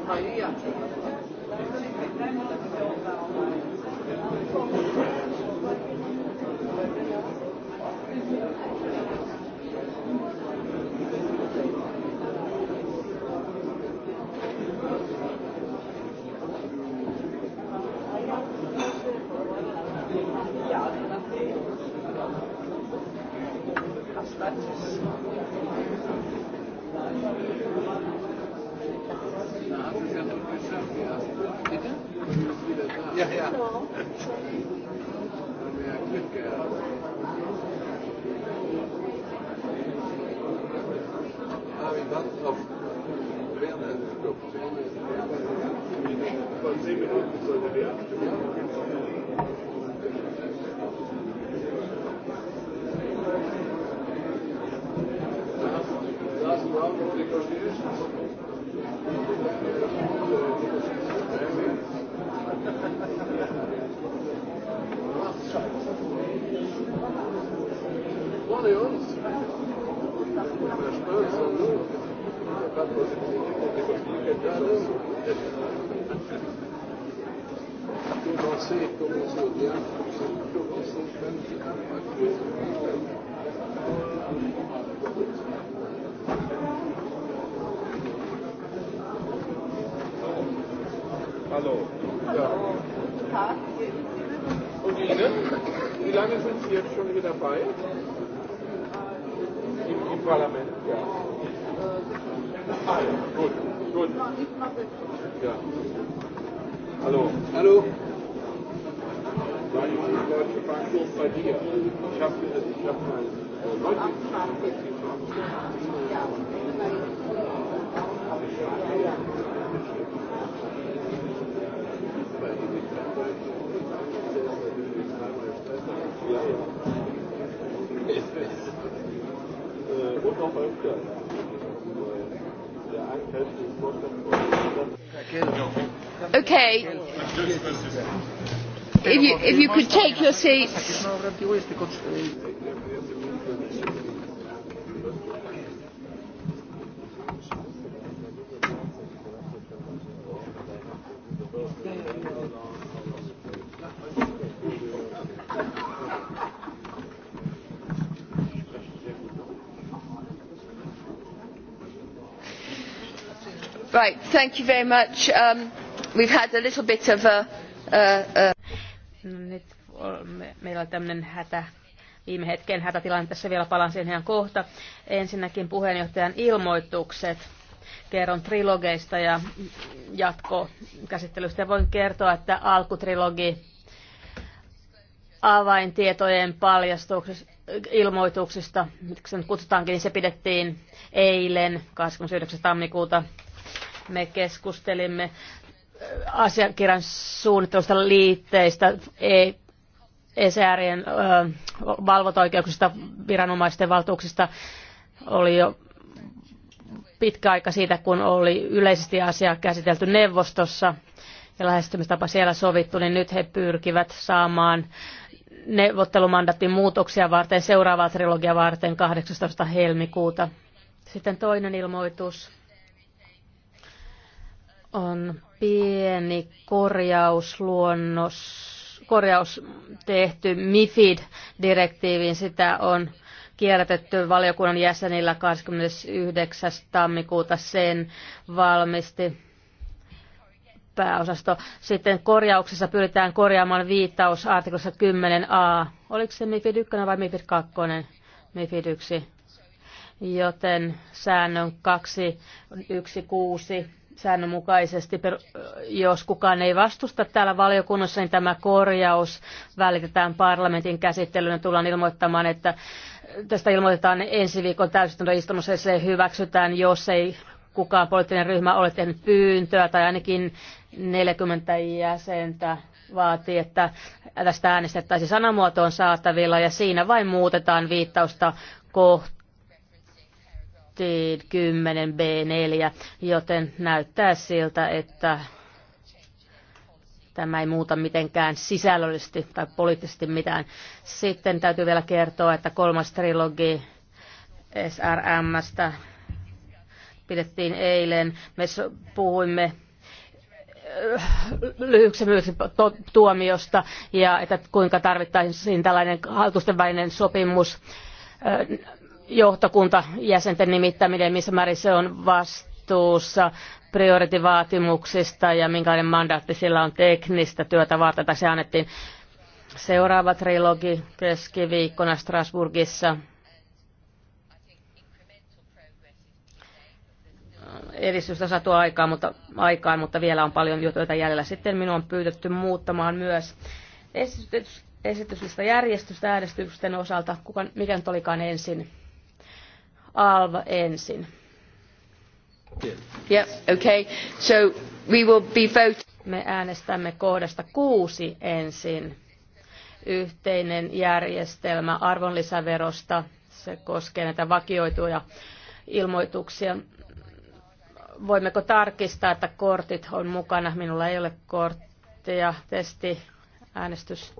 Maria. Thank you. Ja, ja. Von zehn Minuten sollte die Aktion. Europeo este Right, thank you very much. Um, we've had a little bit of a, Uh, uh meillä on tämmöinen hätä, viime hetken hätätilanne, tässä vielä palaan siihen ihan kohta. Ensinnäkin puheenjohtajan ilmoitukset. Kerron trilogeista ja jatkokäsittelystä. Voin kertoa, että alkutrilogi avaintietojen paljastuksesta ilmoituksista, mitkä se nyt kutsutaankin, niin se pidettiin eilen 29. tammikuuta. Me keskustelimme asiakirjan suunnittelusta liitteistä, ei ECRien valvontaoikeuksista, viranomaisten valtuuksista oli jo pitkä aika siitä, kun oli yleisesti asiaa käsitelty neuvostossa ja lähestymistapa siellä sovittu, niin nyt he pyrkivät saamaan neuvottelumandatin muutoksia varten seuraavaa trilogia varten 18. helmikuuta. Sitten toinen ilmoitus on pieni korjausluonnos korjaus tehty MIFID-direktiiviin. Sitä on kierrätetty valiokunnan jäsenillä 29. tammikuuta sen valmisti pääosasto. Sitten korjauksessa pyritään korjaamaan viittaus artiklassa 10a. Oliko se MIFID 1 vai MIFID 2? MIFID 1. Joten säännön 216 säännönmukaisesti, jos kukaan ei vastusta täällä valiokunnassa, niin tämä korjaus välitetään parlamentin käsittelyyn ja tullaan ilmoittamaan, että tästä ilmoitetaan ensi viikon täysistuntoistunnossa ja se hyväksytään, jos ei kukaan poliittinen ryhmä ole tehnyt pyyntöä tai ainakin 40 jäsentä vaatii, että tästä äänestettäisiin sanamuotoon saatavilla ja siinä vain muutetaan viittausta kohtaan kohtiin 10b4, joten näyttää siltä, että tämä ei muuta mitenkään sisällöllisesti tai poliittisesti mitään. Sitten täytyy vielä kertoa, että kolmas trilogi SRMstä pidettiin eilen. Me puhuimme äh, lyhyksen tuomiosta ja että kuinka tarvittaisiin tällainen hallitusten välinen sopimus äh, johtokuntajäsenten nimittäminen, missä määrin se on vastuussa prioriteettivaatimuksista ja minkälainen mandaatti sillä on teknistä työtä varten. Se annettiin seuraava trilogi keskiviikkona Strasbourgissa. edistystä saatu aikaan mutta, aikaan, mutta vielä on paljon työtä jäljellä. Sitten minua on pyydetty muuttamaan myös esitys, esityslista järjestystä äänestysten osalta. Kuka, mikä nyt olikaan ensin? Alva ensin. Yeah, okay. So we will be vote. Me äänestämme kohdasta kuusi ensin. Yhteinen järjestelmä arvonlisäverosta. Se koskee näitä vakioituja ilmoituksia. Voimmeko tarkistaa, että kortit on mukana? Minulla ei ole korttia. Testi, äänestys.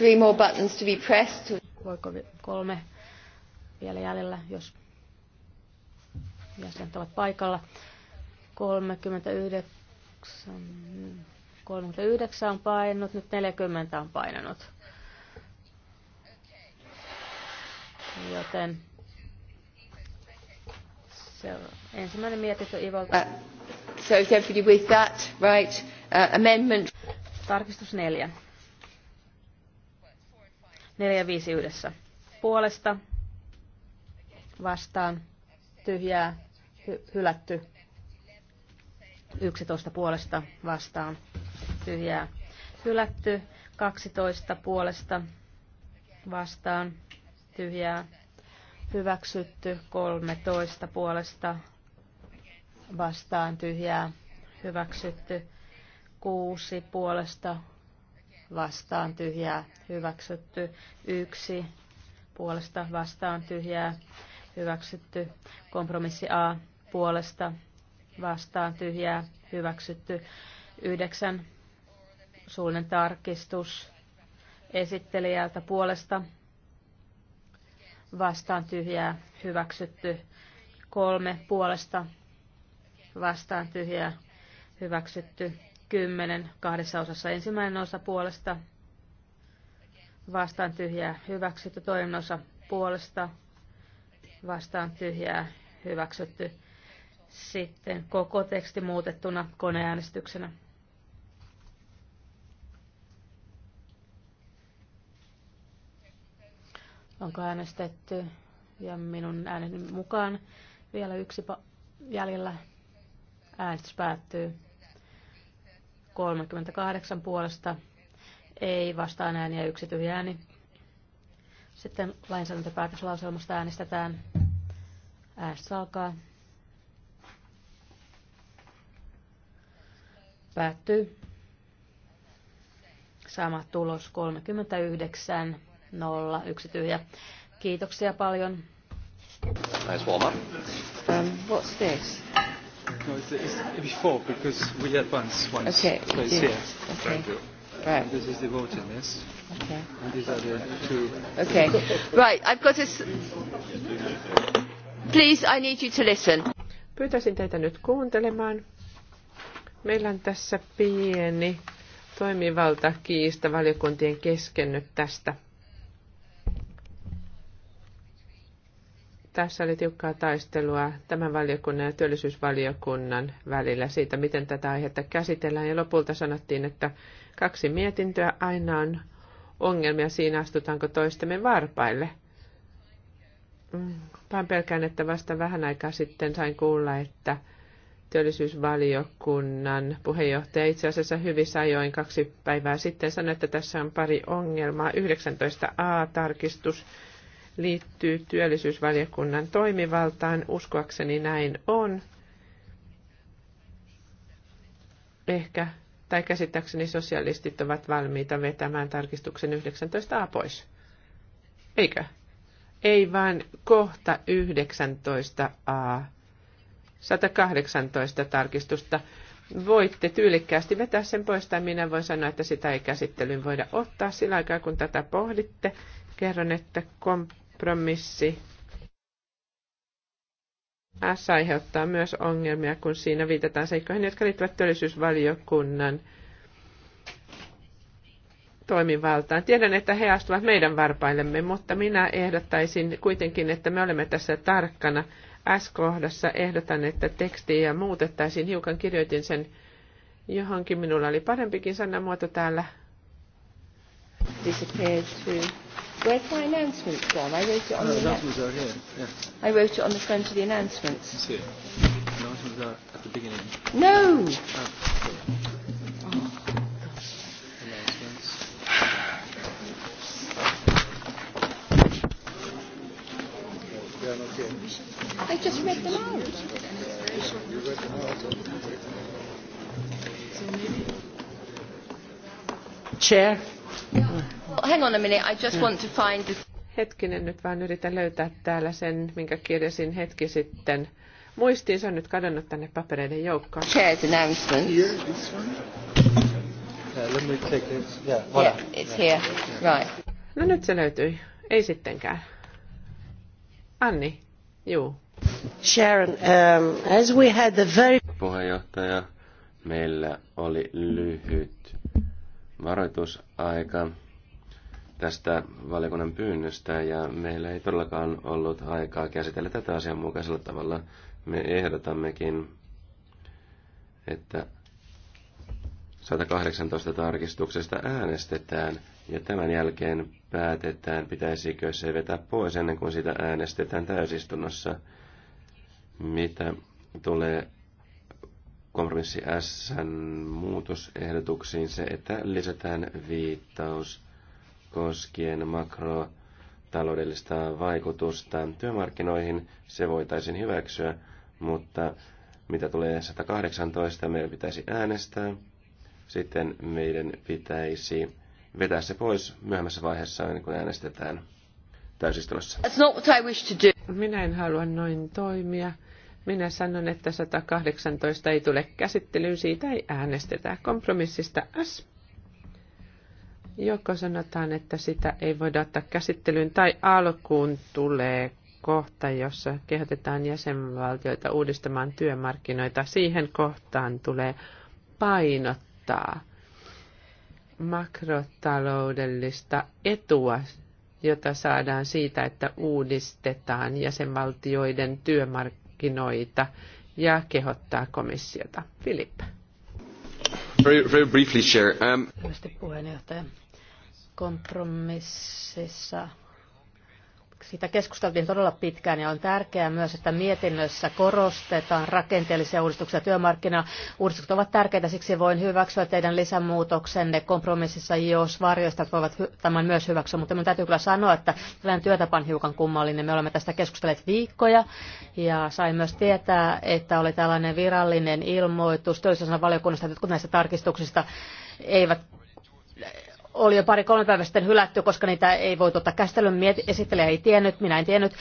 Three more buttons to be pressed. Voiko kolme vielä jäljellä, jos jäsenet ovat paikalla? 39, 39 on painanut, nyt 40 on painanut. Joten se ensimmäinen mietintö Ivolta. Uh, so is everybody with that? Right. Uh, amendment. Tarkistus neljä 4 ja yhdessä. Puolesta vastaan tyhjää hy- hylätty. 11 puolesta vastaan tyhjää hylätty. 12 puolesta vastaan tyhjää hyväksytty. 13 puolesta vastaan tyhjää hyväksytty. 6 puolesta vastaan tyhjää hyväksytty. Yksi puolesta vastaan tyhjää hyväksytty. Kompromissi A puolesta vastaan tyhjää hyväksytty. Yhdeksän suullinen tarkistus esittelijältä puolesta vastaan tyhjää hyväksytty. Kolme puolesta vastaan tyhjää hyväksytty. 10 kahdessa osassa. Ensimmäinen osa puolesta vastaan tyhjää hyväksytty, toinen osa puolesta vastaan tyhjää hyväksytty. Sitten koko teksti muutettuna koneäänestyksenä. Onko äänestetty? Ja minun ääneni mukaan vielä yksi jäljellä. Äänestys päättyy. 38 puolesta, ei vastaan ääniä, yksi tyhjä ääni. Sitten lainsäädäntöpäätöslauselmasta äänestetään. Äänestys alkaa. Päättyy. Sama tulos 39, 0, yksi tyhjä. Kiitoksia paljon. Nice warm up. Um, what's this? No, it's, it's before because we advance once. Okay. So it's here. Okay. Right. this is the Okay. And these are the two. Okay. Right. I've got this. Please, I need you to listen. Pyytäisin teitä nyt kuuntelemaan. Meillä on tässä pieni toimivalta kiista valiokuntien kesken nyt tästä Tässä oli tiukkaa taistelua tämän valiokunnan ja työllisyysvaliokunnan välillä siitä, miten tätä aihetta käsitellään. Ja lopulta sanottiin, että kaksi mietintöä aina on ongelmia siinä, astutaanko toistemme varpaille. Mm, vaan pelkään, että vasta vähän aikaa sitten sain kuulla, että työllisyysvaliokunnan puheenjohtaja itse asiassa hyvissä ajoin kaksi päivää sitten sanoi, että tässä on pari ongelmaa. 19a-tarkistus liittyy työllisyysvaliokunnan toimivaltaan. Uskoakseni näin on. Ehkä tai käsittääkseni sosialistit ovat valmiita vetämään tarkistuksen 19a pois. Eikö? Ei vaan kohta 19a. 118 tarkistusta. Voitte tyylikkäästi vetää sen pois, tai minä voin sanoa, että sitä ei käsittelyyn voida ottaa sillä aikaa, kun tätä pohditte. Kerron, että komp- kompromissi S aiheuttaa myös ongelmia, kun siinä viitataan seikkoihin, jotka liittyvät työllisyysvaliokunnan toimivaltaan. Tiedän, että he astuvat meidän varpaillemme, mutta minä ehdottaisin kuitenkin, että me olemme tässä tarkkana. S-kohdassa ehdotan, että tekstiä muutettaisiin hiukan, kirjoitin sen johonkin, minulla oli parempikin sanamuoto täällä. Disappeared Where's my announcements gone? I wrote it on no, the announcements are here. Yeah. I wrote it on the front of the announcements. You see The announcements are at the beginning. No. Oh, I just read them out. Chair. Hang on a minute, I just want to find this. Hetkinen, nyt vaan yritän löytää täällä sen, minkä kirjasin hetki sitten. Muistiin, se on nyt kadonnut tänne papereiden joukkoon. Chair's announcement. Here, this one. Yeah, let me take this. Yeah, voilà. yeah it's here. Right. No nyt se löytyi. Ei sittenkään. Anni, juu. Sharon, um, as we had a very... Puheenjohtaja, meillä oli lyhyt varoitusaika tästä valiokunnan pyynnöstä ja meillä ei todellakaan ollut aikaa käsitellä tätä asianmukaisella tavalla. Me ehdotammekin, että 118 tarkistuksesta äänestetään ja tämän jälkeen päätetään, pitäisikö se vetää pois ennen kuin sitä äänestetään täysistunnossa, mitä tulee kompromissi S muutosehdotuksiin se, että lisätään viittaus koskien makrotaloudellista vaikutusta työmarkkinoihin. Se voitaisiin hyväksyä, mutta mitä tulee 118, meidän pitäisi äänestää. Sitten meidän pitäisi vetää se pois myöhemmässä vaiheessa, ennen kuin äänestetään täysistunnossa. That's not what I wish to do. Minä en halua noin toimia. Minä sanon, että 118 ei tule käsittelyyn, siitä ei äänestetä kompromissista S joko sanotaan, että sitä ei voida ottaa käsittelyyn, tai alkuun tulee kohta, jossa kehotetaan jäsenvaltioita uudistamaan työmarkkinoita. Siihen kohtaan tulee painottaa makrotaloudellista etua, jota saadaan siitä, että uudistetaan jäsenvaltioiden työmarkkinoita ja kehottaa komissiota. Filippa. Very, very briefly, Chair. Um kompromississa sitä keskusteltiin todella pitkään ja on tärkeää myös, että mietinnössä korostetaan rakenteellisia uudistuksia. Työmarkkinauudistukset ovat tärkeitä, siksi voin hyväksyä teidän lisämuutoksenne kompromississa, jos varjoistat voivat tämän myös hyväksyä. Mutta minun täytyy kyllä sanoa, että tällainen työtapa on hiukan kummallinen. Me olemme tästä keskustelleet viikkoja ja sain myös tietää, että oli tällainen virallinen ilmoitus töissäsanan valiokunnasta, että jotkut näistä tarkistuksista eivät oli jo pari-kolme päivää sitten hylätty, koska niitä ei voitu ottaa käsittelyyn Esittelijä ei tiennyt, minä en tiennyt.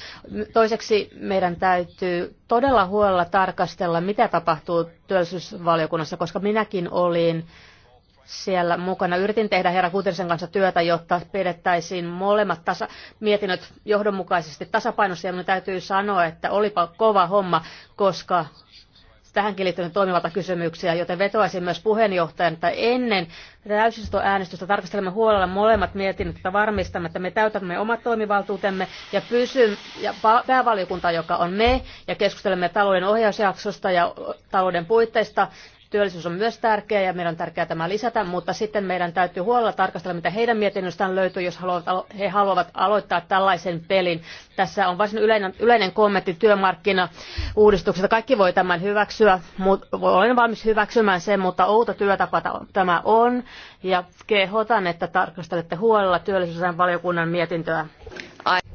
Toiseksi meidän täytyy todella huolella tarkastella, mitä tapahtuu työllisyysvaliokunnassa, koska minäkin olin siellä mukana. Yritin tehdä herra Kutersen kanssa työtä, jotta pidettäisiin molemmat tasa- mietinnöt johdonmukaisesti tasapainossa. Ja minun täytyy sanoa, että olipa kova homma, koska tähänkin liittyen toimivalta kysymyksiä, joten vetoaisin myös puheenjohtajan, että ennen täysistuntoäänestystä tarkastelemme huolella molemmat mietinnöt, että varmistamme, että me täytämme omat toimivaltuutemme ja pysymme, ja päävaliokunta, joka on me, ja keskustelemme talouden ohjausjaksosta ja talouden puitteista, Työllisyys on myös tärkeä ja meidän on tärkeää tämä lisätä, mutta sitten meidän täytyy huolella tarkastella, mitä heidän mietinnöstään löytyy, jos haluavat, he haluavat aloittaa tällaisen pelin. Tässä on varsin yleinen, yleinen kommentti työmarkkinauudistuksesta. Kaikki voi tämän hyväksyä, mutta olen valmis hyväksymään sen, mutta outo työtapa tämä on. Ja kehotan, että tarkastelette huolella työllisyysvaliokunnan mietintöä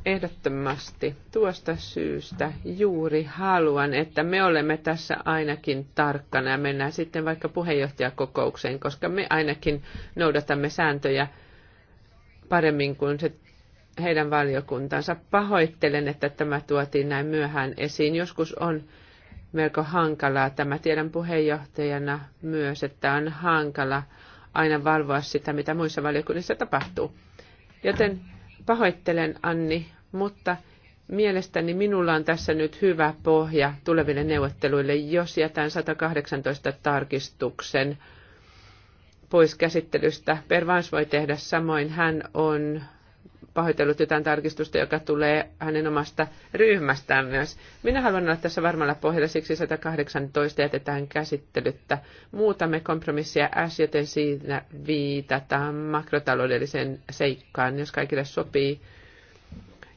ehdottomasti tuosta syystä juuri haluan, että me olemme tässä ainakin tarkkana ja mennään sitten vaikka puheenjohtajakokoukseen, koska me ainakin noudatamme sääntöjä paremmin kuin se heidän valiokuntansa. Pahoittelen, että tämä tuotiin näin myöhään esiin. Joskus on melko hankalaa. Tämä tiedän puheenjohtajana myös, että on hankala aina valvoa sitä, mitä muissa valiokunnissa tapahtuu. Joten Pahoittelen Anni, mutta mielestäni minulla on tässä nyt hyvä pohja tuleville neuvotteluille, jos jätän 118 tarkistuksen pois käsittelystä. Pervans voi tehdä samoin. Hän on pahoitellut jotain tarkistusta, joka tulee hänen omasta ryhmästään myös. Minä haluan olla tässä varmalla pohjalla, siksi 118 jätetään käsittelyttä. Muutamme kompromissia S, joten siinä viitataan makrotaloudelliseen seikkaan, jos kaikille sopii.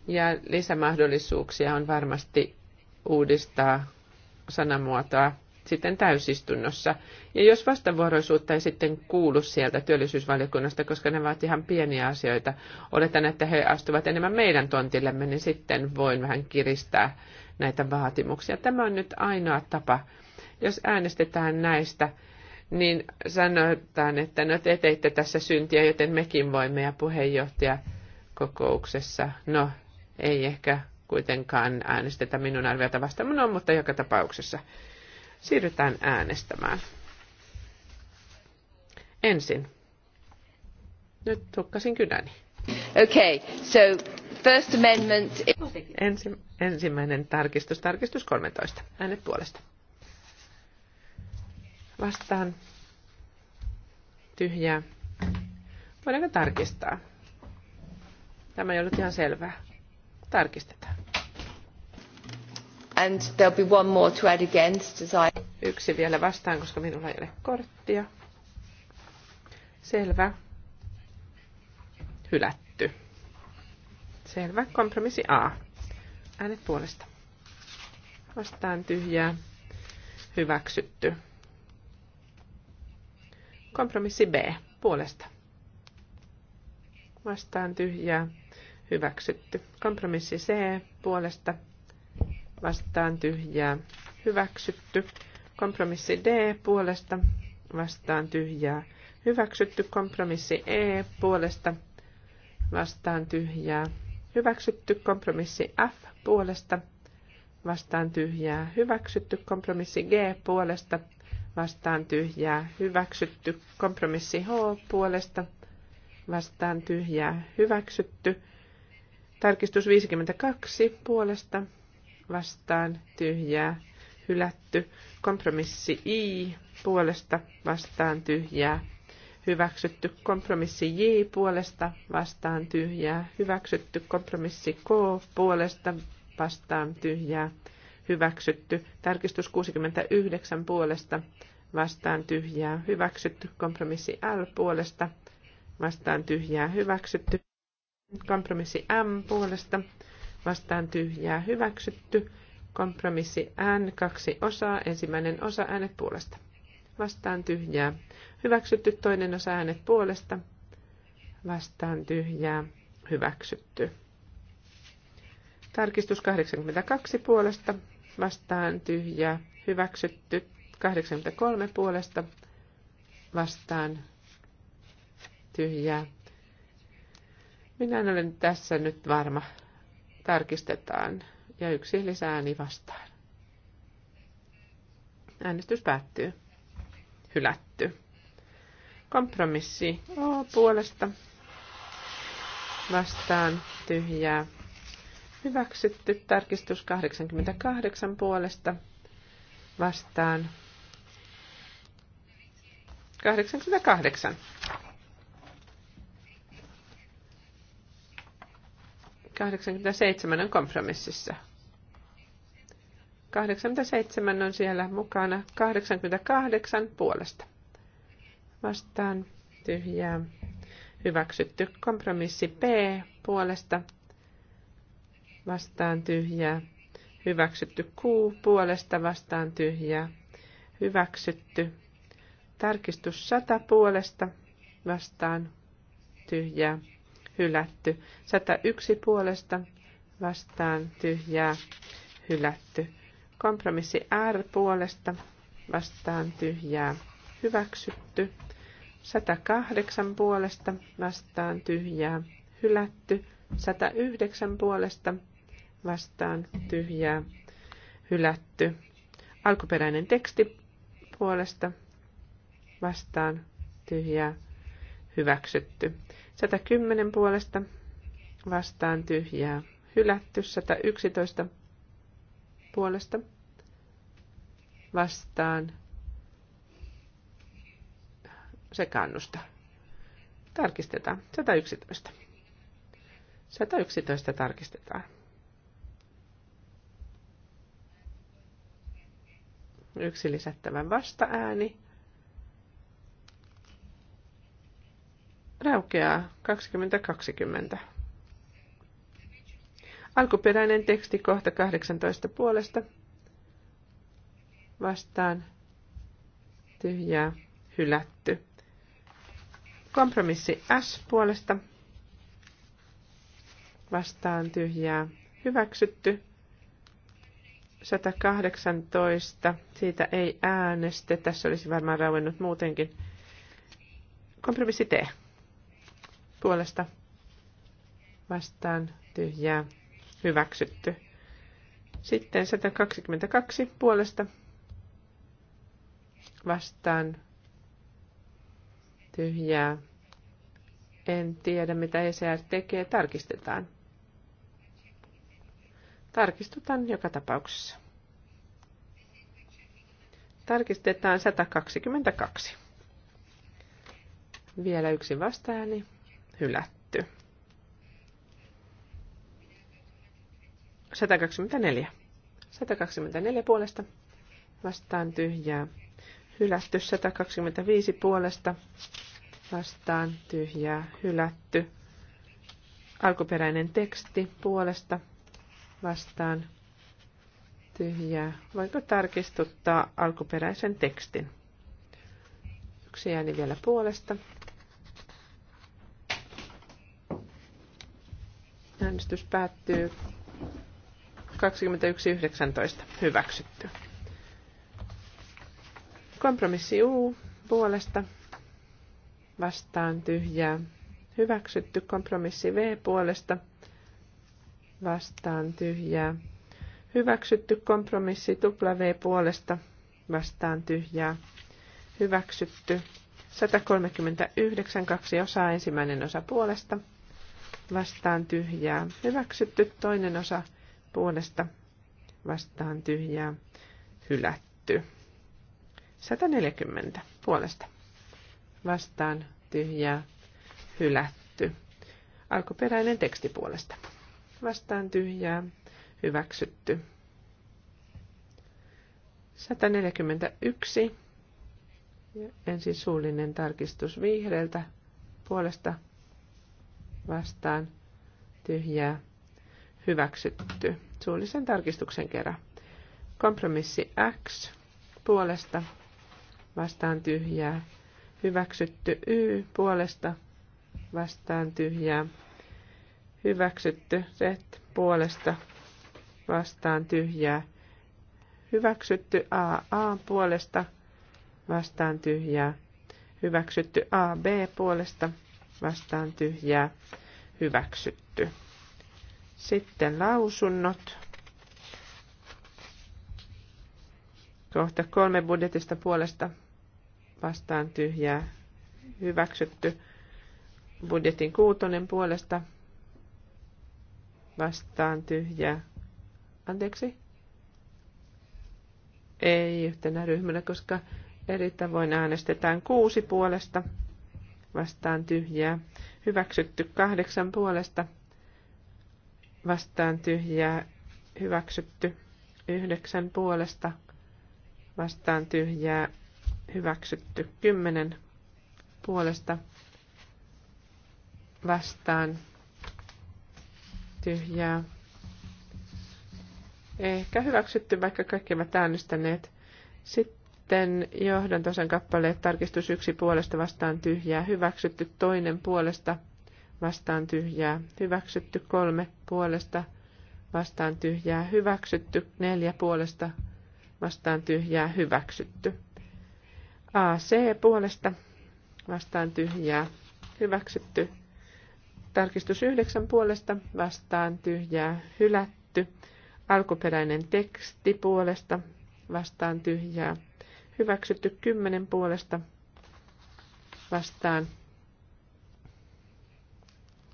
Ja lisämahdollisuuksia on varmasti uudistaa sanamuotoa sitten täysistunnossa. Ja jos vastavuoroisuutta ei sitten kuulu sieltä työllisyysvaliokunnasta, koska ne ovat ihan pieniä asioita, oletan, että he astuvat enemmän meidän tontillemme, niin sitten voin vähän kiristää näitä vaatimuksia. Tämä on nyt ainoa tapa. Jos äänestetään näistä, niin sanotaan, että no te teitte tässä syntiä, joten mekin voimme ja puheenjohtaja kokouksessa. No, ei ehkä kuitenkaan äänestetä minun arviota vastaan, no, mutta joka tapauksessa. Siirrytään äänestämään. Ensin. Nyt tukkasin kynäni. Okay, so first amendment... Ensi, ensimmäinen tarkistus, tarkistus 13. Äänet puolesta. Vastaan. Tyhjää. Voidaanko tarkistaa? Tämä ei ollut ihan selvää. Tarkistetaan. And be one more to add against, as I... Yksi vielä vastaan, koska minulla ei ole korttia. Selvä. Hylätty. Selvä. Kompromissi A. Äänet puolesta. Vastaan tyhjää. Hyväksytty. Kompromissi B. Puolesta. Vastaan tyhjää. Hyväksytty. Kompromissi C. Puolesta vastaan tyhjää hyväksytty. Kompromissi D puolesta vastaan tyhjää hyväksytty. Kompromissi E puolesta vastaan tyhjää hyväksytty. Kompromissi F puolesta vastaan tyhjää hyväksytty. Kompromissi G puolesta vastaan tyhjää hyväksytty. Kompromissi H puolesta vastaan tyhjää hyväksytty. Tarkistus 52 puolesta vastaan tyhjää hylätty. Kompromissi I puolesta vastaan tyhjää hyväksytty. Kompromissi J puolesta vastaan tyhjää hyväksytty. Kompromissi K puolesta vastaan tyhjää hyväksytty. Tarkistus 69 puolesta vastaan tyhjää hyväksytty. Kompromissi L puolesta vastaan tyhjää hyväksytty. Kompromissi M puolesta vastaan tyhjää hyväksytty. Kompromissi N, kaksi osaa, ensimmäinen osa äänet puolesta. Vastaan tyhjää. Hyväksytty toinen osa äänet puolesta. Vastaan tyhjää. Hyväksytty. Tarkistus 82 puolesta. Vastaan tyhjää. Hyväksytty. 83 puolesta. Vastaan tyhjää. Minä en ole tässä nyt varma tarkistetaan ja yksi lisääni vastaan. Äänestys päättyy. Hylätty. Kompromissi O puolesta. Vastaan tyhjää. Hyväksytty. Tarkistus 88 puolesta. Vastaan 88. 87 on kompromississa. 87 on siellä mukana, 88 puolesta. Vastaan tyhjää. Hyväksytty kompromissi P puolesta. Vastaan tyhjää. Hyväksytty Q puolesta vastaan tyhjää. Hyväksytty. Tarkistus 100 puolesta vastaan tyhjää hylätty. 101 puolesta vastaan tyhjää hylätty. Kompromissi R puolesta vastaan tyhjää hyväksytty. 108 puolesta vastaan tyhjää hylätty. 109 puolesta vastaan tyhjää hylätty. Alkuperäinen teksti puolesta vastaan tyhjää hyväksytty. 110 puolesta vastaan tyhjää hylätty. 111 puolesta vastaan sekannusta. Tarkistetaan. 111. 111 tarkistetaan. Yksi lisättävä vastaääni. raukeaa 2020. Alkuperäinen teksti kohta 18 puolesta vastaan tyhjää hylätty. Kompromissi S puolesta vastaan tyhjää hyväksytty. 118, siitä ei äänestetä, se olisi varmaan rauennut muutenkin. Kompromissi T puolesta vastaan tyhjää hyväksytty. Sitten 122 puolesta vastaan tyhjää. En tiedä, mitä ECR tekee. Tarkistetaan. Tarkistutaan joka tapauksessa. Tarkistetaan 122. Vielä yksi vastaääni hylätty. 124. 124 puolesta vastaan tyhjää. Hylätty 125 puolesta vastaan tyhjää. Hylätty. Alkuperäinen teksti puolesta vastaan tyhjää. Voinko tarkistuttaa alkuperäisen tekstin? Yksi ääni vielä puolesta Äänestys päättyy 21.19. Hyväksytty. Kompromissi U puolesta vastaan tyhjää. Hyväksytty kompromissi V puolesta vastaan tyhjää. Hyväksytty kompromissi W puolesta vastaan tyhjää. Hyväksytty 139 kaksi osaa ensimmäinen osa puolesta vastaan tyhjää. Hyväksytty toinen osa puolesta vastaan tyhjää. Hylätty. 140 puolesta vastaan tyhjää. Hylätty. Alkuperäinen teksti puolesta vastaan tyhjää. Hyväksytty. 141. Ensin suullinen tarkistus vihreältä puolesta vastaan tyhjää hyväksytty suullisen tarkistuksen kerran. Kompromissi X puolesta vastaan tyhjää hyväksytty Y puolesta vastaan tyhjää hyväksytty Z puolesta vastaan tyhjää hyväksytty AA puolesta vastaan tyhjää hyväksytty AB puolesta vastaan tyhjää hyväksytty. Sitten lausunnot. Kohta kolme budjetista puolesta vastaan tyhjää hyväksytty. Budjetin kuutonen puolesta vastaan tyhjää. Anteeksi? Ei yhtenä ryhmänä, koska eri tavoin äänestetään kuusi puolesta vastaan tyhjää. Hyväksytty kahdeksan puolesta vastaan tyhjää. Hyväksytty yhdeksän puolesta vastaan tyhjää. Hyväksytty kymmenen puolesta vastaan tyhjää. Ehkä hyväksytty, vaikka kaikki ovat äänestäneet. Sitten sitten tasan kappaleet tarkistus yksi puolesta vastaan tyhjää hyväksytty, toinen puolesta vastaan tyhjää hyväksytty, kolme puolesta vastaan tyhjää hyväksytty, neljä puolesta vastaan tyhjää hyväksytty. AC puolesta vastaan tyhjää hyväksytty. Tarkistus yhdeksän puolesta vastaan tyhjää hylätty. Alkuperäinen teksti puolesta vastaan tyhjää Hyväksytty kymmenen puolesta vastaan.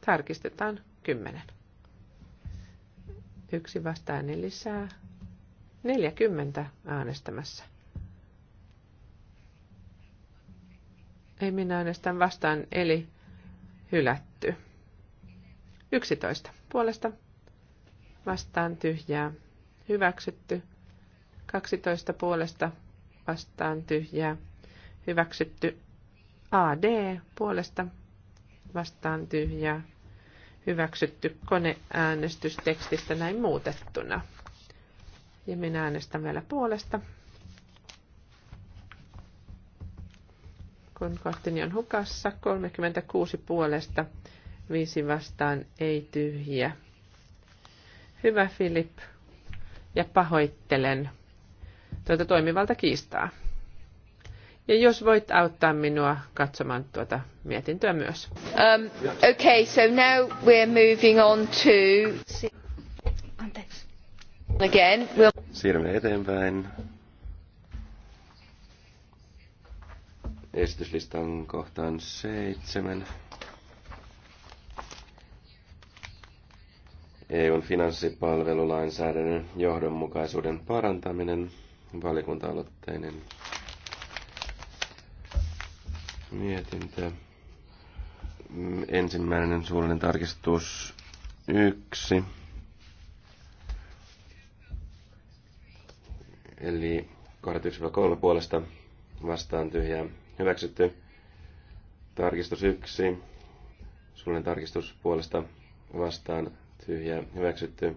Tarkistetaan kymmenen, Yksi vastainen lisää. 40 äänestämässä. Ei minä äänestän vastaan, eli hylätty. 11. Puolesta vastaan tyhjää. Hyväksytty. 12. Puolesta vastaan tyhjää. Hyväksytty AD puolesta vastaan tyhjää. Hyväksytty koneäänestystekstistä näin muutettuna. Ja minä äänestän vielä puolesta. Kun kohtini on hukassa, 36 puolesta, 5 vastaan, ei tyhjiä. Hyvä Filip, ja pahoittelen tuota toimivalta kiistaa. Ja jos voit auttaa minua katsomaan tuota mietintöä myös. Um, okay, so now we're moving on to... Anteeksi. Again, we'll... Siirrymme eteenpäin. Esityslistan kohtaan seitsemän. EUn finanssipalvelulainsäädännön johdonmukaisuuden parantaminen – valiokunta-aloitteinen mietintö. Mm, ensimmäinen suullinen tarkistus yksi. Eli kohdat 1-3 puolesta vastaan tyhjää hyväksytty. Tarkistus 1. Suullinen tarkistus puolesta vastaan tyhjää hyväksytty.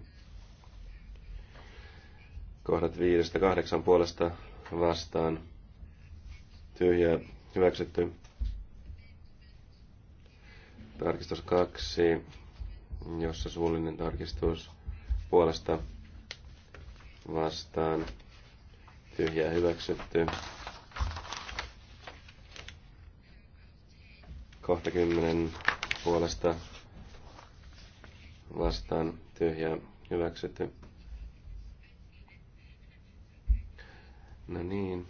Kohdat 5 kahdeksan puolesta vastaan. tyhjä hyväksytty. Tarkistus kaksi, jossa suullinen tarkistus puolesta vastaan. tyhjä hyväksytty. Kohta kymmenen puolesta vastaan tyhjä hyväksytty. No niin.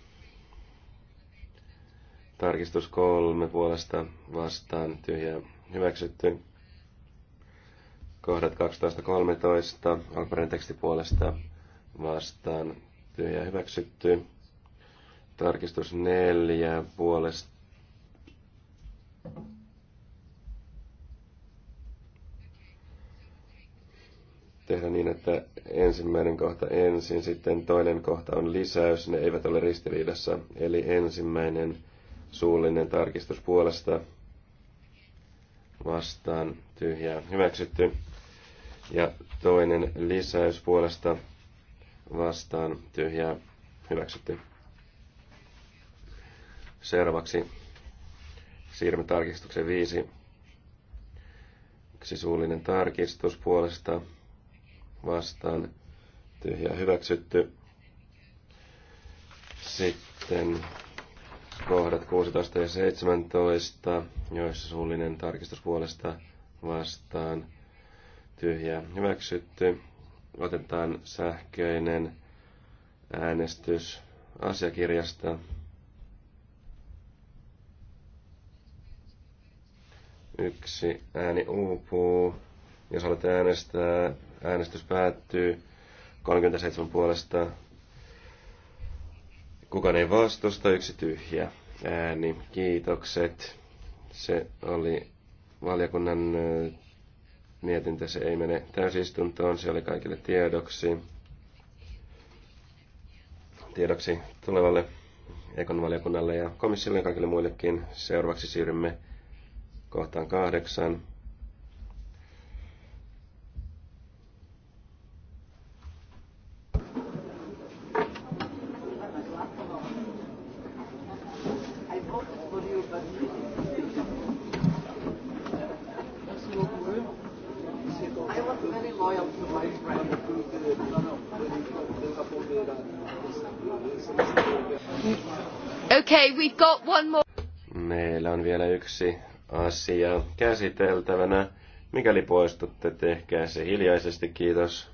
Tarkistus kolme puolesta vastaan tyhjä hyväksytty. Kohdat 12.13. Alkuperäinen teksti puolesta vastaan tyhjä hyväksytty. Tarkistus neljä puolesta tehdä niin, että ensimmäinen kohta ensin, sitten toinen kohta on lisäys, ne eivät ole ristiriidassa. Eli ensimmäinen suullinen tarkistus puolesta vastaan tyhjää hyväksytty. Ja toinen lisäys puolesta vastaan tyhjää hyväksytty. Seuraavaksi siirrymme tarkistuksen viisi, Yksi suullinen tarkistus puolesta vastaan tyhjä hyväksytty. Sitten kohdat 16 ja 17, joissa suullinen tarkistus puolesta vastaan tyhjä hyväksytty. Otetaan sähköinen äänestys asiakirjasta. Yksi ääni uupuu. Jos haluatte äänestää, äänestys päättyy 37 puolesta. Kukaan ei vastusta, yksi tyhjä ääni. Kiitokset. Se oli valiokunnan mietintö, se ei mene täysistuntoon, se oli kaikille tiedoksi. Tiedoksi tulevalle Ekon valiokunnalle ja komissiolle ja kaikille muillekin. Seuraavaksi siirrymme kohtaan kahdeksan. yksi asia käsiteltävänä. Mikäli poistutte, tehkää se hiljaisesti. Kiitos.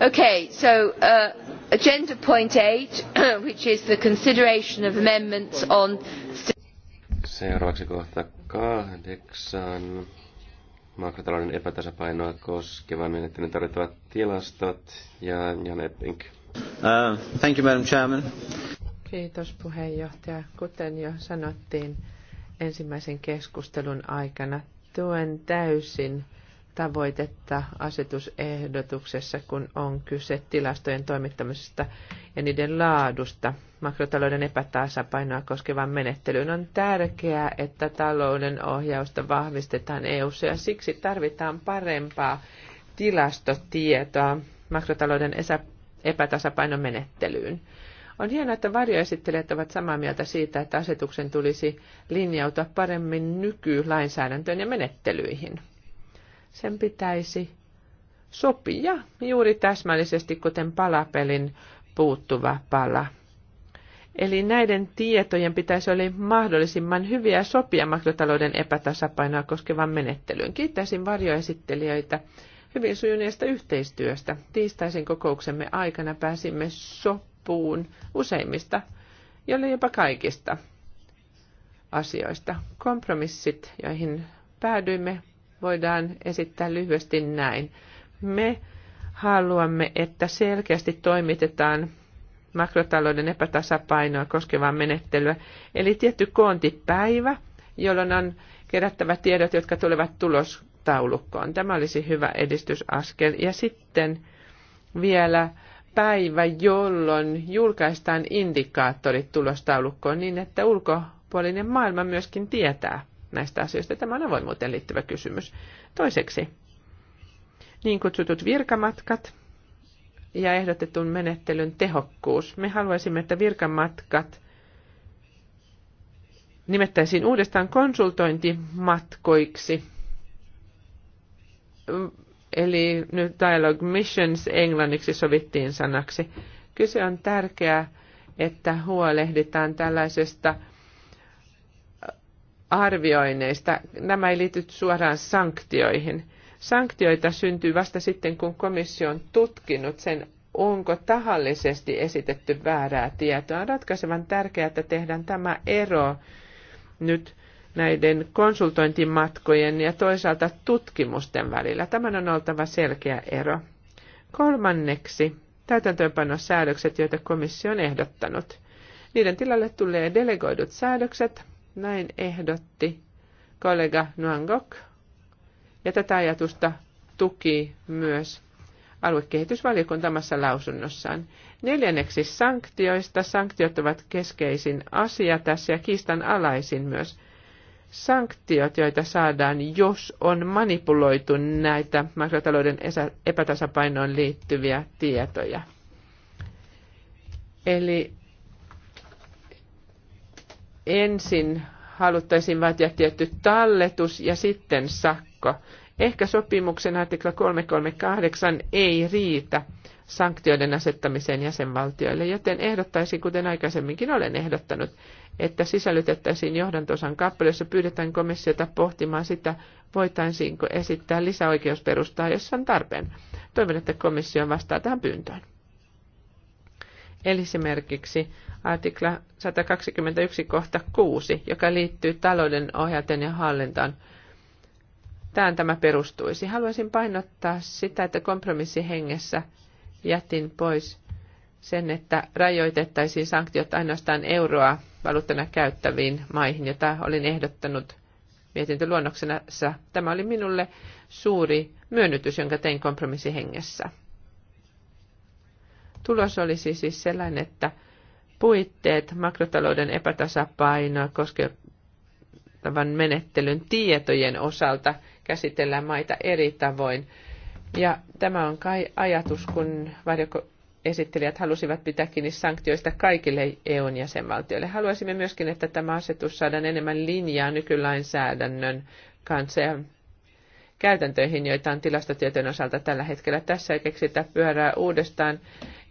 Okay, so uh, agenda point eight, which is the consideration of amendments on... Seuraavaksi kohta kahdeksan. Makrotalouden epätasapainoa koskevan menettelyn tarvittavat tilastot ja Jan Epping. Uh, thank you, Madam Chairman. Kiitos puheenjohtaja. Kuten jo sanottiin ensimmäisen keskustelun aikana, tuen täysin tavoitetta asetusehdotuksessa, kun on kyse tilastojen toimittamisesta ja niiden laadusta. Makrotalouden epätasapainoa koskevan menettelyyn on tärkeää, että talouden ohjausta vahvistetaan eu ja siksi tarvitaan parempaa tilastotietoa makrotalouden epätasapainomenettelyyn. menettelyyn. On hienoa, että varjoesittelijät ovat samaa mieltä siitä, että asetuksen tulisi linjautua paremmin nykylainsäädäntöön ja menettelyihin. Sen pitäisi sopia juuri täsmällisesti, kuten palapelin puuttuva pala. Eli näiden tietojen pitäisi olla mahdollisimman hyviä sopia makrotalouden epätasapainoa koskevan menettelyyn. Kiittäisin varjoesittelijöitä hyvin sujuneesta yhteistyöstä. Tiistaisen kokouksemme aikana pääsimme sopimaan puun useimmista, jolle jopa kaikista asioista. Kompromissit, joihin päädyimme, voidaan esittää lyhyesti näin. Me haluamme, että selkeästi toimitetaan makrotalouden epätasapainoa koskevaa menettelyä, eli tietty koontipäivä, jolloin on kerättävä tiedot, jotka tulevat tulostaulukkoon. Tämä olisi hyvä edistysaskel. Ja sitten vielä päivä, jolloin julkaistaan indikaattorit tulostaulukkoon niin, että ulkopuolinen maailma myöskin tietää näistä asioista. Tämä on avoimuuteen liittyvä kysymys. Toiseksi, niin kutsutut virkamatkat ja ehdotetun menettelyn tehokkuus. Me haluaisimme, että virkamatkat nimettäisiin uudestaan konsultointimatkoiksi Eli nyt Dialogue Missions englanniksi sovittiin sanaksi. Kyse on tärkeää, että huolehditaan tällaisesta äh, arvioinneista. Nämä ei liity suoraan sanktioihin. Sanktioita syntyy vasta sitten, kun komissio on tutkinut sen, onko tahallisesti esitetty väärää tietoa. On ratkaisevan tärkeää, että tehdään tämä ero nyt näiden konsultointimatkojen ja toisaalta tutkimusten välillä. Tämän on oltava selkeä ero. Kolmanneksi, täytäntöönpanosäädökset, joita komissio on ehdottanut. Niiden tilalle tulee delegoidut säädökset, näin ehdotti kollega Nuangok. Ja tätä ajatusta tuki myös aluekehitysvaliokuntamassa lausunnossaan. Neljänneksi sanktioista. Sanktiot ovat keskeisin asia tässä ja kiistan alaisin myös – sanktiot, joita saadaan, jos on manipuloitu näitä makrotalouden epätasapainoon liittyviä tietoja. Eli ensin haluttaisiin vaatia tietty talletus ja sitten sakko. Ehkä sopimuksen artikla 338 ei riitä sanktioiden asettamiseen jäsenvaltioille, joten ehdottaisin, kuten aikaisemminkin olen ehdottanut, että sisällytettäisiin johdantosan jossa pyydetään komissiota pohtimaan sitä, voitaisiinko esittää lisäoikeusperustaa, jos on tarpeen. Toivon, että komissio vastaa tähän pyyntöön. Eli esimerkiksi artikla 121 kohta 6, joka liittyy talouden ohjaten ja hallintaan. Tähän tämä perustuisi. Haluaisin painottaa sitä, että kompromissihengessä hengessä jätin pois sen, että rajoitettaisiin sanktiot ainoastaan euroa valuuttana käyttäviin maihin, jota olin ehdottanut mietintöluonnoksena. Tämä oli minulle suuri myönnytys, jonka tein kompromissihengessä. Tulos olisi siis, siis sellainen, että puitteet makrotalouden epätasapainoa koskevan menettelyn tietojen osalta käsitellään maita eri tavoin ja tämä on kai ajatus, kun esittelijät halusivat pitää kiinni sanktioista kaikille EUn jäsenvaltioille. Haluaisimme myöskin, että tämä asetus saadaan enemmän linjaa nykylainsäädännön kanssa ja käytäntöihin, joita on tilastotieteen osalta tällä hetkellä. Tässä ei keksitä pyörää uudestaan.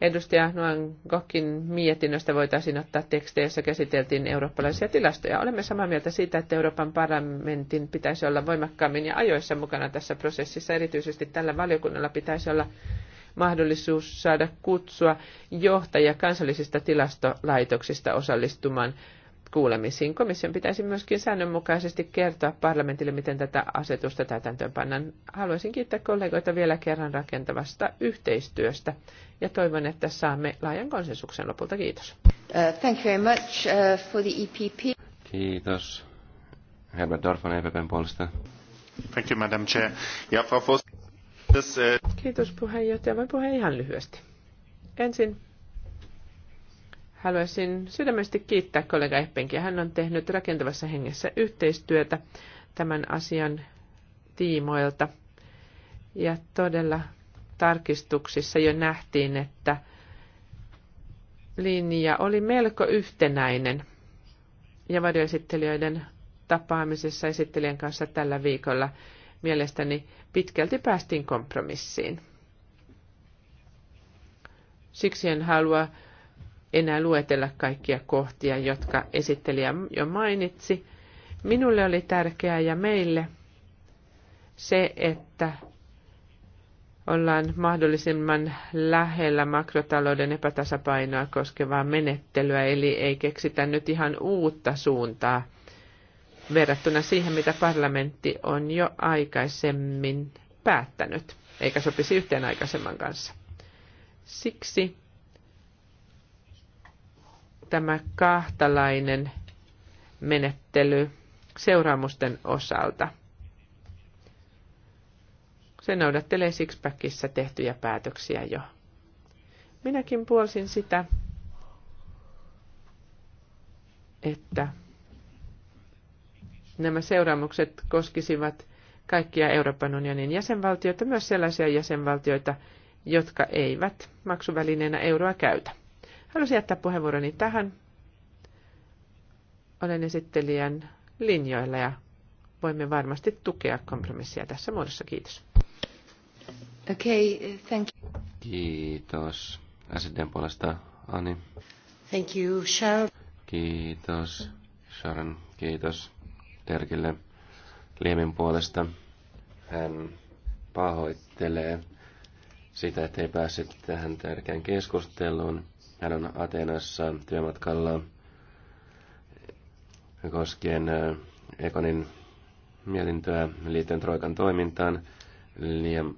Edustaja Noan Gokin mietinnöstä voitaisiin ottaa tekstejä, jossa käsiteltiin eurooppalaisia tilastoja. Olemme samaa mieltä siitä, että Euroopan parlamentin pitäisi olla voimakkaammin ja ajoissa mukana tässä prosessissa. Erityisesti tällä valiokunnalla pitäisi olla mahdollisuus saada kutsua johtajia kansallisista tilastolaitoksista osallistumaan kuulemisiin. Komission pitäisi myöskin säännönmukaisesti kertoa parlamentille, miten tätä asetusta täytäntöön pannaan. Haluaisin kiittää kollegoita vielä kerran rakentavasta yhteistyöstä ja toivon, että saamme laajan konsensuksen lopulta. Kiitos. Uh, thank you very much uh, for the EPP. Kiitos. Herbert Dorfman EPPn puolesta. Thank you, Madam Chair. Ja, This, uh... Kiitos puheenjohtaja. Voin puheen ihan lyhyesti. Ensin Haluaisin sydämesti kiittää kollega Eppenkiä. Hän on tehnyt rakentavassa hengessä yhteistyötä tämän asian tiimoilta. Ja todella tarkistuksissa jo nähtiin, että linja oli melko yhtenäinen. Ja varjoesittelijöiden tapaamisessa esittelijän kanssa tällä viikolla mielestäni pitkälti päästiin kompromissiin. Siksi en halua enää luetella kaikkia kohtia, jotka esittelijä jo mainitsi. Minulle oli tärkeää ja meille se, että ollaan mahdollisimman lähellä makrotalouden epätasapainoa koskevaa menettelyä, eli ei keksitä nyt ihan uutta suuntaa verrattuna siihen, mitä parlamentti on jo aikaisemmin päättänyt, eikä sopisi yhteen aikaisemman kanssa. Siksi tämä kahtalainen menettely seuraamusten osalta. Se noudattelee Sixpackissa tehtyjä päätöksiä jo. Minäkin puolsin sitä, että nämä seuraamukset koskisivat kaikkia Euroopan unionin jäsenvaltioita, myös sellaisia jäsenvaltioita, jotka eivät maksuvälineenä euroa käytä. Haluaisin jättää puheenvuoroni tähän. Olen esittelijän linjoilla ja voimme varmasti tukea kompromissia tässä muodossa. Kiitos. Okay, thank you. Kiitos. SDn puolesta Ani. Thank you, Sharon. Kiitos, Sharon. Kiitos Terkille Liemin puolesta. Hän pahoittelee sitä, että ei päässyt tähän tärkeään keskusteluun. Hän on Ateenassa työmatkalla koskien Ekonin mietintöä liittyen Troikan toimintaan. Liam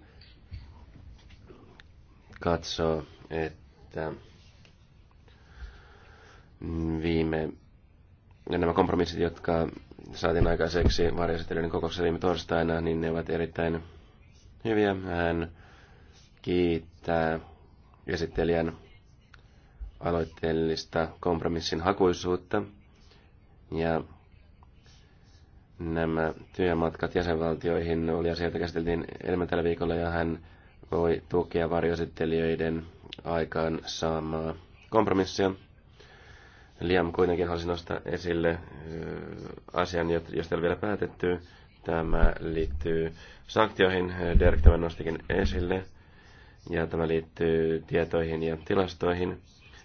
katsoo, että viime nämä kompromissit, jotka saatiin aikaiseksi varjoesittelyiden kokouksessa viime torstaina, niin ne ovat erittäin hyviä. Hän kiittää esittelijän aloitteellista kompromissin hakuisuutta ja nämä työmatkat jäsenvaltioihin oli asia, jota käsiteltiin enemmän tällä viikolla ja hän voi tukea varjoesittelijöiden aikaan saamaa kompromissia. Liam kuitenkin halusi nostaa esille asian, josta ei vielä päätetty. Tämä liittyy sanktioihin, Derek tämän nostikin esille, ja tämä liittyy tietoihin ja tilastoihin